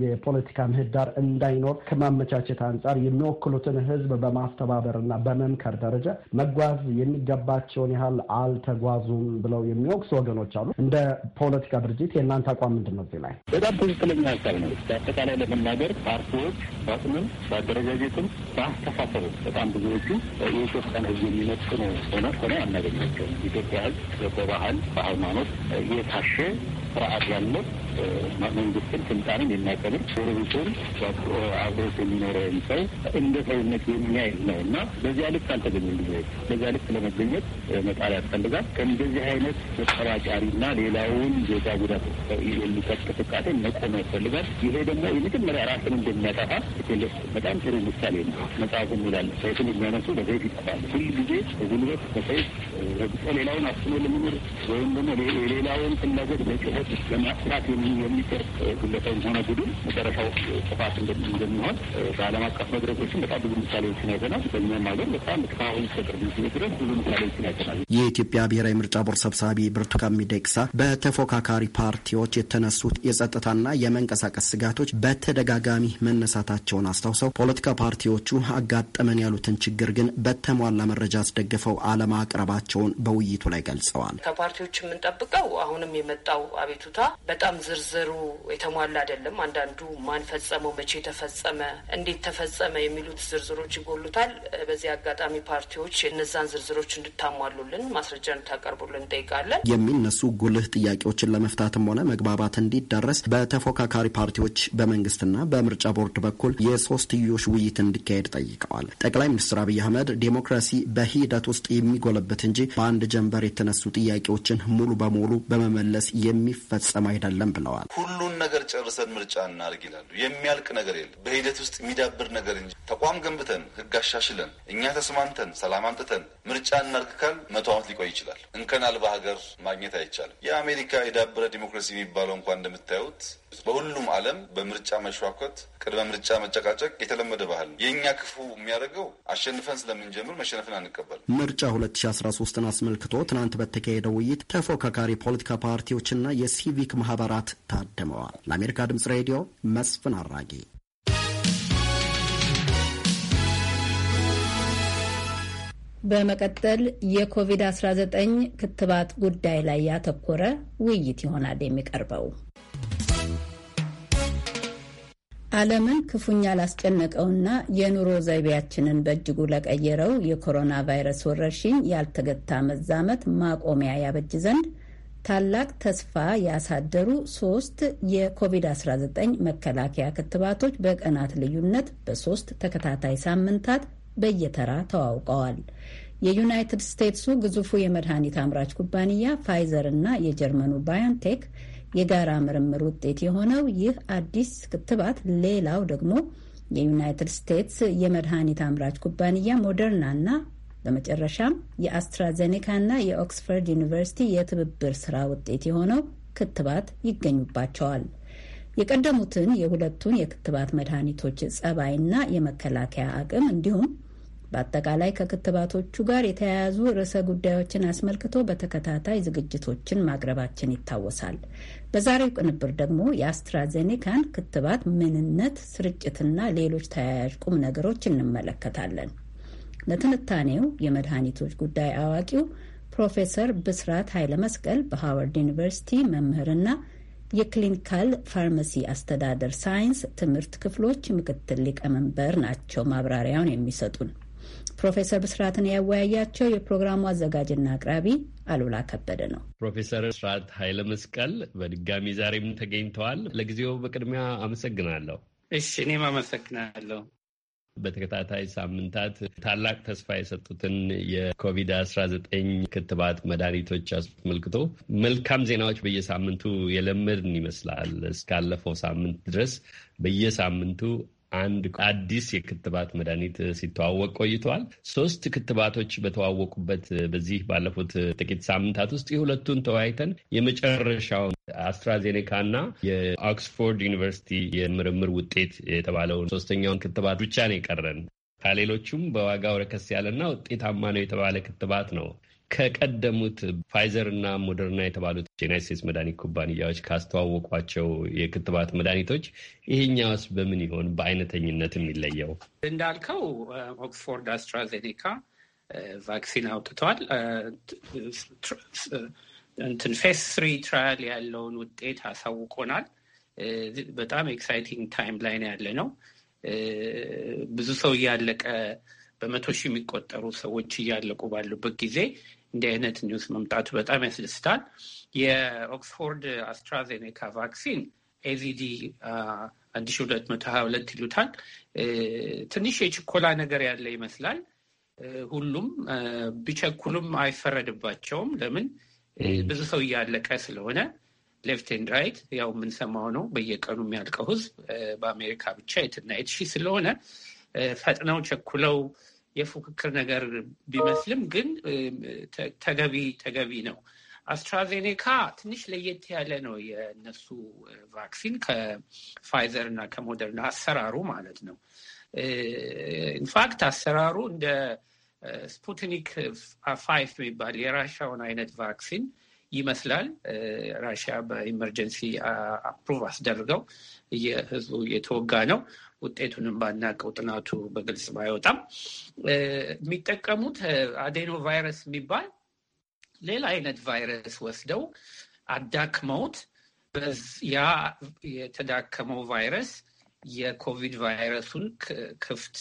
የፖለቲካ ምህዳር እንዳይኖር ከማመቻቸት አንጻር የሚወክሉትን ህዝብ በማስተባበርና በመምከር ደረጃ መጓዝ የሚገባቸውን ያህል አልተጓዙም ብለው የሚወቅሱ ወገኖች አሉ። እንደ ፖለቲካ ድርጅት የእናንተ አቋም ምንድን ነው እዚህ ላይ? በጣም ትክክለኛ ሀሳብ ነው። በአጠቃላይ ለመናገር ፓርቲዎች በአቅምም በአደረጃጀትም በአስተሳሰብ በጣም ብዙዎቹ የኢትዮጵያን ሕዝብ ነው ሆነ ሆነ አናገኛቸው። ኢትዮጵያ ሕዝብ በባህል በሃይማኖት የታሸ ስርዓት ያለው መንግስትን ስልጣንን የሚያከብር ሮቢቱን አብሮት የሚኖረውን ሰው እንደ ሰውነት የሚያይ ነው እና በዚያ ልክ አልተገኘም። ጊዜ በዚያ ልክ ለመገኘት መጣር ያስፈልጋል። ከእንደዚህ አይነት መጠራጫሪ እና ሌላውን ዜጋ ጉዳት የሚቀጥ እንቅስቃሴ መቆም ያስፈልጋል። ይሄ ደግሞ የመጀመሪያ ራስን እንደሚያጠፋ በጣም ጥሩ ምሳሌ ነው። መጽሐፉ ይላል ሰይፍን የሚያነሱ በሰይፍ ይጠፋል። ሁል ጊዜ በጉልበት በሰይፍ ረግጦ ሌላውን አስኖ ለመኖር ወይም ደግሞ የሌላውን ፍላጎት በጩኸት ለማጥፋት የሚቀርብ ግለሰብ ሆነ ቡድን መጨረሻው ጥፋት እንደሚሆን በዓለም አቀፍ መድረኮችም በጣም ብዙ ምሳሌዎችን አይተናል። በእኛም ሀገር በጣም እስካሁን ፍቅር ድረስ ብዙ ምሳሌዎችን አይተናል። የኢትዮጵያ ብሔራዊ ምርጫ ቦርድ ሰብሳቢ ብርቱካን ሚደቅሳ በተፎካካሪ ፓርቲዎች የተነሱት የጸጥታና የመንቀሳቀስ ስጋቶች በተደጋጋሚ መነሳታቸውን አስታውሰው ፖለቲካ ፓርቲዎቹ አጋጠመን ያሉትን ችግር ግን በተሟላ መረጃ አስደግፈው አለማቅረባቸውን በውይይቱ ላይ ገልጸዋል። ከፓርቲዎች የምንጠብቀው አሁንም የመጣው አቤቱታ በጣም ዝርዝሩ የተሟላ አይደለም። አንዳንዱ ማን ፈጸመው፣ መቼ ተፈጸመ፣ እንዴት ተፈጸመ የሚሉት ዝርዝሮች ይጎሉታል። በዚህ አጋጣሚ ፓርቲዎች እነዛን ዝርዝሮች እንድታሟሉልን ማስረጃ እንድታቀርቡልን እንጠይቃለን። የሚነሱ ጉልህ ጥያቄዎችን ለመፍታትም ሆነ መግባባት እንዲዳረስ በተፎካካሪ ፓርቲዎች በመንግስትና በምርጫ ቦርድ በኩል የሶስትዮሽ ውይይት እንዲካሄድ ጠይቀዋል። ጠቅላይ ሚኒስትር አብይ አህመድ ዴሞክራሲ በሂደት ውስጥ የሚጎለበት እንጂ በአንድ ጀንበር የተነሱ ጥያቄዎችን ሙሉ በሙሉ በመመለስ የሚፈጸም አይደለም ብለ ወስነዋል። ሁሉን ነገር ጨርሰን ምርጫ እናርግ ይላሉ። የሚያልቅ ነገር የለ በሂደት ውስጥ የሚዳብር ነገር እንጂ ተቋም ገንብተን ህግ አሻሽለን እኛ ተስማምተን ሰላም አምጥተን ምርጫ እናርግ ካል መቶ ዓመት ሊቆይ ይችላል። እንከን አልባ ሀገር ማግኘት አይቻልም። የአሜሪካ የዳብረ ዲሞክራሲ የሚባለው እንኳን እንደምታዩት በሁሉም ዓለም በምርጫ መሸኳት፣ ቅድመ ምርጫ መጨቃጨቅ የተለመደ ባህል ነው። የእኛ ክፉ የሚያደርገው አሸንፈን ስለምንጀምር መሸነፍን አንቀበል። ምርጫ 2013ን አስመልክቶ ትናንት በተካሄደው ውይይት ተፎካካሪ ፖለቲካ ፓርቲዎችና የሲቪክ ማህበራት ታድመዋል። ለአሜሪካ ድምፅ ሬዲዮ መስፍን አራጌ። በመቀጠል የኮቪድ-19 ክትባት ጉዳይ ላይ ያተኮረ ውይይት ይሆናል የሚቀርበው። ዓለምን ክፉኛ ላስጨነቀውና የኑሮ ዘይቤያችንን በእጅጉ ለቀየረው የኮሮና ቫይረስ ወረርሽኝ ያልተገታ መዛመት ማቆሚያ ያበጅ ዘንድ ታላቅ ተስፋ ያሳደሩ ሶስት የኮቪድ-19 መከላከያ ክትባቶች በቀናት ልዩነት በሶስት ተከታታይ ሳምንታት በየተራ ተዋውቀዋል። የዩናይትድ ስቴትሱ ግዙፉ የመድኃኒት አምራች ኩባንያ ፋይዘር እና የጀርመኑ ባዮንቴክ የጋራ ምርምር ውጤት የሆነው ይህ አዲስ ክትባት፣ ሌላው ደግሞ የዩናይትድ ስቴትስ የመድኃኒት አምራች ኩባንያ ሞደርና እና በመጨረሻም የአስትራዜኔካና የኦክስፎርድ ዩኒቨርሲቲ የትብብር ስራ ውጤት የሆነው ክትባት ይገኙባቸዋል። የቀደሙትን የሁለቱን የክትባት መድኃኒቶች ጸባይና የመከላከያ አቅም እንዲሁም በአጠቃላይ ከክትባቶቹ ጋር የተያያዙ ርዕሰ ጉዳዮችን አስመልክቶ በተከታታይ ዝግጅቶችን ማቅረባችን ይታወሳል። በዛሬው ቅንብር ደግሞ የአስትራዜኔካን ክትባት ምንነት፣ ስርጭትና ሌሎች ተያያዥ ቁም ነገሮች እንመለከታለን። ለትንታኔው የመድኃኒቶች ጉዳይ አዋቂው ፕሮፌሰር ብስራት ኃይለ መስቀል በሃዋርድ ዩኒቨርሲቲ መምህርና የክሊኒካል ፋርማሲ አስተዳደር ሳይንስ ትምህርት ክፍሎች ምክትል ሊቀመንበር ናቸው። ማብራሪያውን የሚሰጡን ፕሮፌሰር ብስራትን ያወያያቸው የፕሮግራሙ አዘጋጅና አቅራቢ አሉላ ከበደ ነው። ፕሮፌሰር ብስራት ኃይለ መስቀል በድጋሚ ዛሬም ተገኝተዋል። ለጊዜው በቅድሚያ አመሰግናለሁ። እሺ፣ እኔም አመሰግናለሁ። በተከታታይ ሳምንታት ታላቅ ተስፋ የሰጡትን የኮቪድ-19 ክትባት መድኃኒቶች አስመልክቶ መልካም ዜናዎች በየሳምንቱ የለመድን ይመስላል። እስካለፈው ሳምንት ድረስ በየሳምንቱ አንድ አዲስ የክትባት መድኃኒት ሲተዋወቅ ቆይተዋል። ሶስት ክትባቶች በተዋወቁበት በዚህ ባለፉት ጥቂት ሳምንታት ውስጥ የሁለቱን ተወያይተን የመጨረሻውን አስትራዜኔካና የኦክስፎርድ ዩኒቨርሲቲ የምርምር ውጤት የተባለውን ሶስተኛውን ክትባት ብቻ ነው የቀረን። ከሌሎቹም በዋጋው ረከስ ያለና ውጤታማ ነው የተባለ ክትባት ነው ከቀደሙት ፋይዘር እና ሞደርና የተባሉት የዩናይት ስቴትስ መድኃኒት ኩባንያዎች ካስተዋወቋቸው የክትባት መድኃኒቶች ይሄኛውስ በምን ይሆን በአይነተኝነት የሚለየው? እንዳልከው uh, ኦክስፎርድ አስትራዜኔካ uh, ቫክሲን አውጥተዋል። uh, እንትን ፌስ ስሪ ትራያል ያለውን ውጤት አሳውቆናል። በጣም ኤክሳይቲንግ ታይም ላይን ያለ ነው። ብዙ ሰው እያለቀ በመቶ ሺህ የሚቆጠሩ ሰዎች እያለቁ ባሉበት ጊዜ እንዲህ አይነት ኒውስ መምጣቱ በጣም ያስደስታል። የኦክስፎርድ አስትራዜኔካ ቫክሲን ኤዚዲ አንድ ሺ ሁለት መቶ ሀያ ሁለት ይሉታል። ትንሽ የችኮላ ነገር ያለ ይመስላል። ሁሉም ቢቸኩሉም አይፈረድባቸውም። ለምን ብዙ ሰው እያለቀ ስለሆነ ሌፍቴንድ ራይት ያው የምንሰማው ነው። በየቀኑ የሚያልቀው ህዝብ በአሜሪካ ብቻ የትና የት ሺህ ስለሆነ ፈጥነው ቸኩለው የፉክክር ነገር ቢመስልም ግን ተገቢ ተገቢ ነው። አስትራዜኔካ ትንሽ ለየት ያለ ነው የእነሱ ቫክሲን ከፋይዘር እና ከሞደርና አሰራሩ ማለት ነው። ኢንፋክት አሰራሩ እንደ ስፑትኒክ ፋይፍ የሚባል የራሻውን አይነት ቫክሲን ይመስላል። ራሽያ በኢመርጀንሲ አፕሩቭ አስደርገው ህዝቡ እየተወጋ ነው። ውጤቱንም ባናቀው ጥናቱ በግልጽ ባይወጣም የሚጠቀሙት አዴኖ ቫይረስ የሚባል ሌላ አይነት ቫይረስ ወስደው አዳክመውት ያ የተዳከመው ቫይረስ የኮቪድ ቫይረሱን ክፍት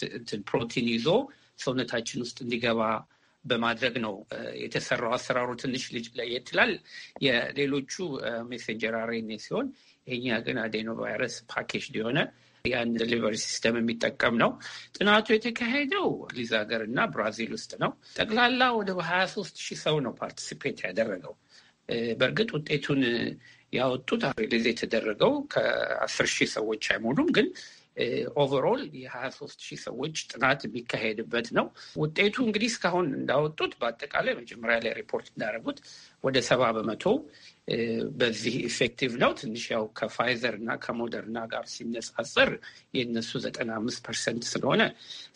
ፕሮቲን ይዞ ሰውነታችን ውስጥ እንዲገባ በማድረግ ነው የተሰራው። አሰራሩ ትንሽ ልጅ ለየት ይላል። የሌሎቹ ሜሴንጀር አሬኔ ሲሆን ይሄኛ ግን አዴኖ ቫይረስ ፓኬጅ ሊሆነ ያን ዴሊቨሪ ሲስተም የሚጠቀም ነው። ጥናቱ የተካሄደው እንግሊዝ ሀገር እና ብራዚል ውስጥ ነው። ጠቅላላ ወደ ሀያ ሶስት ሺህ ሰው ነው ፓርቲሲፔት ያደረገው። በእርግጥ ውጤቱን ያወጡት ሪሊዝ የተደረገው ከአስር ሺህ ሰዎች አይሞሉም ግን ኦቨሮል የሀያ ሶስት ሺህ ሰዎች ጥናት የሚካሄድበት ነው። ውጤቱ እንግዲህ እስካሁን እንዳወጡት በአጠቃላይ መጀመሪያ ላይ ሪፖርት እንዳደረጉት ወደ ሰባ በመቶ በዚህ ኢፌክቲቭ ነው። ትንሽ ያው ከፋይዘር እና ከሞደርና ጋር ሲነጻጸር የእነሱ ዘጠና አምስት ፐርሰንት ስለሆነ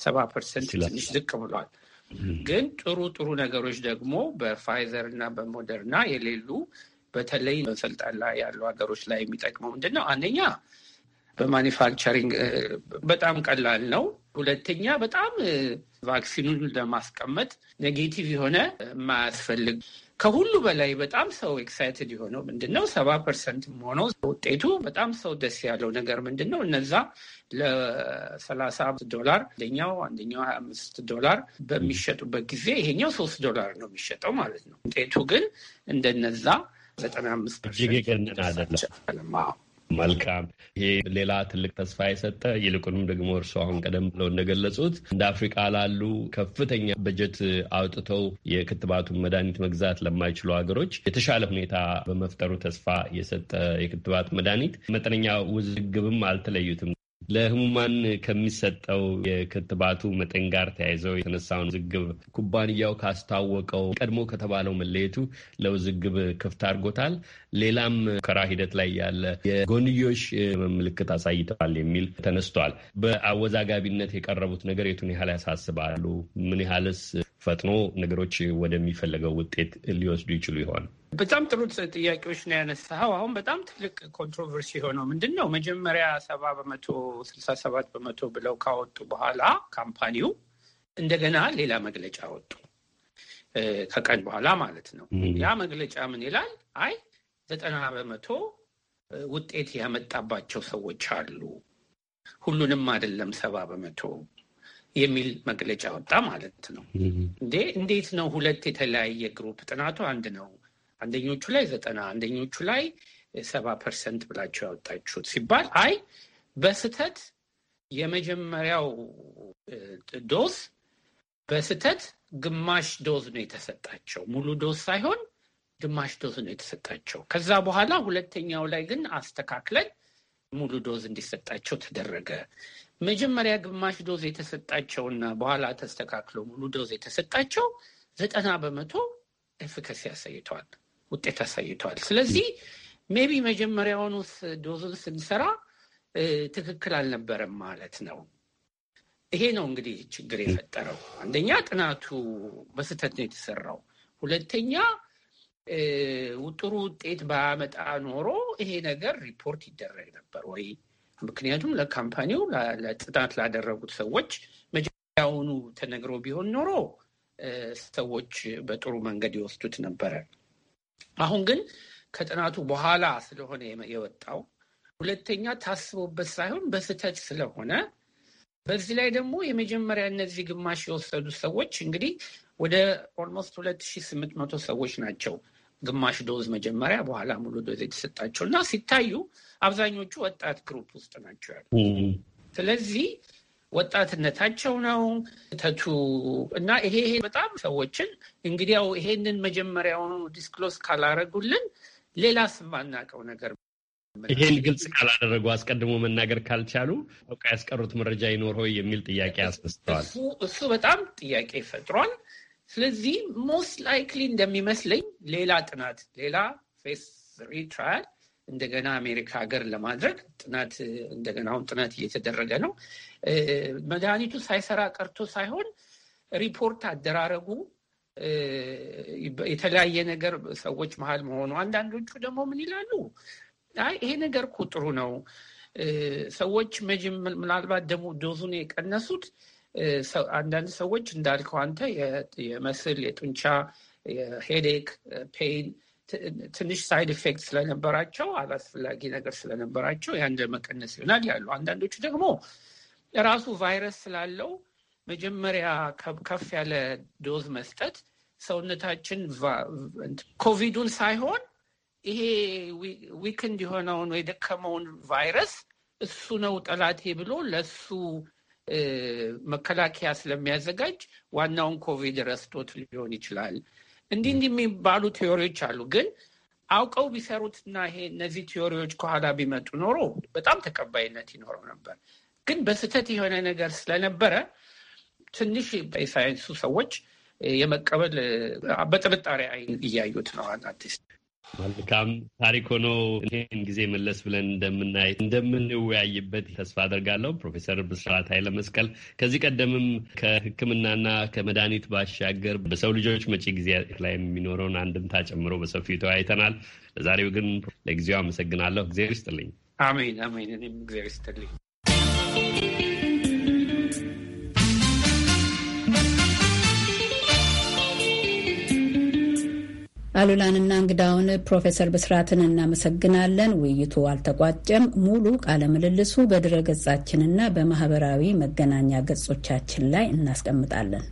ሰባ ፐርሰንት ትንሽ ዝቅ ብሏል። ግን ጥሩ ጥሩ ነገሮች ደግሞ በፋይዘር እና በሞደርና የሌሉ በተለይ በስልጣን ላይ ያሉ ሀገሮች ላይ የሚጠቅመው ምንድን ነው? አንደኛ በማኒፋክቸሪንግ በጣም ቀላል ነው። ሁለተኛ በጣም ቫክሲኑን ለማስቀመጥ ኔጌቲቭ የሆነ የማያስፈልግ ከሁሉ በላይ በጣም ሰው ኤክሳይትድ የሆነው ምንድን ነው? ሰባ ፐርሰንት ሆኖ ውጤቱ በጣም ሰው ደስ ያለው ነገር ምንድን ነው? እነዛ ለሰላሳ ዶላር አንደኛው አንደኛው ሀያ አምስት ዶላር በሚሸጡበት ጊዜ ይሄኛው ሶስት ዶላር ነው የሚሸጠው ማለት ነው። ውጤቱ ግን እንደነዛ ዘጠና አምስት ፐርሰንት መልካም ይሄ ሌላ ትልቅ ተስፋ የሰጠ ይልቁንም ደግሞ እርስዎ አሁን ቀደም ብለው እንደገለጹት እንደ አፍሪቃ ላሉ ከፍተኛ በጀት አውጥተው የክትባቱን መድኃኒት መግዛት ለማይችሉ ሀገሮች የተሻለ ሁኔታ በመፍጠሩ ተስፋ የሰጠ የክትባት መድኃኒት መጠነኛ ውዝግብም አልተለዩትም። ለህሙማን ከሚሰጠው የክትባቱ መጠን ጋር ተያይዘው የተነሳውን ውዝግብ ኩባንያው ካስታወቀው ቀድሞ ከተባለው መለየቱ ለውዝግብ ክፍት አድርጎታል። ሌላም ከራ ሂደት ላይ ያለ የጎንዮሽ ምልክት አሳይተዋል የሚል ተነስቷል። በአወዛጋቢነት የቀረቡት ነገር የቱን ያህል ያሳስባሉ? ምን ያህልስ ፈጥኖ ነገሮች ወደሚፈለገው ውጤት ሊወስዱ ይችሉ ይሆን? በጣም ጥሩ ጥያቄዎች ነው ያነሳኸው። አሁን በጣም ትልቅ ኮንትሮቨርሲ የሆነው ምንድን ነው መጀመሪያ ሰባ በመቶ ስልሳ ሰባት በመቶ ብለው ካወጡ በኋላ ካምፓኒው እንደገና ሌላ መግለጫ አወጡ፣ ከቀን በኋላ ማለት ነው። ያ መግለጫ ምን ይላል? አይ ዘጠና በመቶ ውጤት ያመጣባቸው ሰዎች አሉ፣ ሁሉንም አይደለም ሰባ በመቶ የሚል መግለጫ ወጣ ማለት ነው። እንዴ እንዴት ነው ሁለት የተለያየ ግሩፕ? ጥናቱ አንድ ነው አንደኞቹ ላይ ዘጠና አንደኞቹ ላይ ሰባ ፐርሰንት ብላቸው ያወጣችሁት ሲባል አይ በስተት የመጀመሪያው ዶዝ በስተት ግማሽ ዶዝ ነው የተሰጣቸው፣ ሙሉ ዶዝ ሳይሆን ግማሽ ዶዝ ነው የተሰጣቸው። ከዛ በኋላ ሁለተኛው ላይ ግን አስተካክለን ሙሉ ዶዝ እንዲሰጣቸው ተደረገ። መጀመሪያ ግማሽ ዶዝ የተሰጣቸው እና በኋላ ተስተካክሎ ሙሉ ዶዝ የተሰጣቸው ዘጠና በመቶ ኤፊከሲ አሳይተዋል። ውጤት አሳይተዋል። ስለዚህ ሜቢ መጀመሪያውኑ ዶዙን ስንሰራ ትክክል አልነበረም ማለት ነው። ይሄ ነው እንግዲህ ችግር የፈጠረው። አንደኛ ጥናቱ በስህተት ነው የተሰራው። ሁለተኛ ጥሩ ውጤት ባመጣ ኖሮ ይሄ ነገር ሪፖርት ይደረግ ነበር ወይ? ምክንያቱም ለካምፓኒው ለጥናት ላደረጉት ሰዎች መጀመሪያውኑ ተነግሮ ቢሆን ኖሮ ሰዎች በጥሩ መንገድ ይወስዱት ነበረ። አሁን ግን ከጥናቱ በኋላ ስለሆነ የወጣው ሁለተኛ ታስቦበት ሳይሆን በስህተት ስለሆነ በዚህ ላይ ደግሞ የመጀመሪያ እነዚህ ግማሽ የወሰዱ ሰዎች እንግዲህ ወደ ኦልሞስት ሁለት ሺ ስምንት መቶ ሰዎች ናቸው ግማሽ ዶዝ መጀመሪያ በኋላ ሙሉ ዶዝ የተሰጣቸው እና ሲታዩ አብዛኞቹ ወጣት ግሩፕ ውስጥ ናቸው ያሉ። ስለዚህ ወጣትነታቸው ነው ተቱ እና ይሄ ይሄ በጣም ሰዎችን እንግዲያው ይሄንን መጀመሪያውኑ ዲስክሎስ ካላረጉልን ሌላ ስማናቀው ነገር ይሄን ግልጽ ካላደረጉ አስቀድሞ መናገር ካልቻሉ እውቃ ያስቀሩት መረጃ ይኖር ሆይ የሚል ጥያቄ አስነስተዋል። እሱ በጣም ጥያቄ ፈጥሯል። ስለዚህ ሞስት ላይክሊ እንደሚመስለኝ ሌላ ጥናት ሌላ ፌስ ሪትራያል እንደገና አሜሪካ ሀገር ለማድረግ ጥናት እንደገና አሁን ጥናት እየተደረገ ነው። መድኃኒቱ ሳይሰራ ቀርቶ ሳይሆን ሪፖርት አደራረጉ የተለያየ ነገር ሰዎች መሀል መሆኑ፣ አንዳንዶቹ ደግሞ ምን ይላሉ? አይ ይሄ ነገር እኮ ጥሩ ነው። ሰዎች ምናልባት ደግሞ ዶዙን የቀነሱት አንዳንድ ሰዎች እንዳልከው አንተ የመስል የጡንቻ የሄዴክ ፔን ትንሽ ሳይድ ኢፌክት ስለነበራቸው አላስፈላጊ ነገር ስለነበራቸው ያን መቀነስ ይሆናል ያሉ፣ አንዳንዶቹ ደግሞ ራሱ ቫይረስ ስላለው መጀመሪያ ከፍ ያለ ዶዝ መስጠት ሰውነታችን ኮቪዱን ሳይሆን ይሄ ዊክንድ የሆነውን ወይ ደከመውን ቫይረስ እሱ ነው ጠላቴ ብሎ ለሱ መከላከያ ስለሚያዘጋጅ ዋናውን ኮቪድ ረስቶት ሊሆን ይችላል እንዲህ እንዲህ የሚባሉ ቴዎሪዎች አሉ። ግን አውቀው ቢሰሩትና ይሄ እነዚህ ቴዎሪዎች ከኋላ ቢመጡ ኖሮ በጣም ተቀባይነት ይኖረው ነበር። ግን በስህተት የሆነ ነገር ስለነበረ ትንሽ የሳይንሱ ሰዎች የመቀበል በጥርጣሬ አይን እያዩት ነው አርቲስት መልካም ታሪክ ሆኖ ይህን ጊዜ መለስ ብለን እንደምናይ እንደምንወያይበት ተስፋ አደርጋለሁ። ፕሮፌሰር ብስራት ኃይለ መስቀል ከዚህ ቀደምም ከሕክምናና ከመድኃኒት ባሻገር በሰው ልጆች መጪ ጊዜ ላይ የሚኖረውን አንድምታ ጨምሮ በሰፊው ተወያይተናል። ለዛሬው ግን ለጊዜው አመሰግናለሁ። እግዜር ይስጥልኝ። አሜን አሜን። እኔም እግዜር ይስጥልኝ። አሉላንና እንግዳውን ፕሮፌሰር ብስራትን እናመሰግናለን። ውይይቱ አልተቋጨም። ሙሉ ቃለ ምልልሱ በድረ ገጻችንና በማህበራዊ መገናኛ ገጾቻችን ላይ እናስቀምጣለን።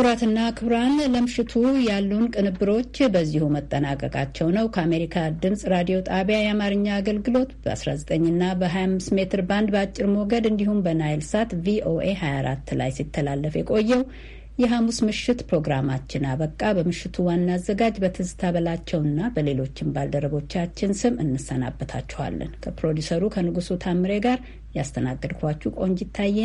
ክቡራትና ክቡራን ለምሽቱ ያሉን ቅንብሮች በዚሁ መጠናቀቃቸው ነው። ከአሜሪካ ድምፅ ራዲዮ ጣቢያ የአማርኛ አገልግሎት በ19ና በ25 ሜትር ባንድ በአጭር ሞገድ እንዲሁም በናይል ሳት ቪኦኤ 24 ላይ ሲተላለፍ የቆየው የሐሙስ ምሽት ፕሮግራማችን አበቃ። በምሽቱ ዋና አዘጋጅ በትዝታ በላቸውና በሌሎችም ባልደረቦቻችን ስም እንሰናበታችኋለን። ከፕሮዲሰሩ ከንጉሱ ታምሬ ጋር ያስተናገድኳችሁ ቆንጅ ታዬ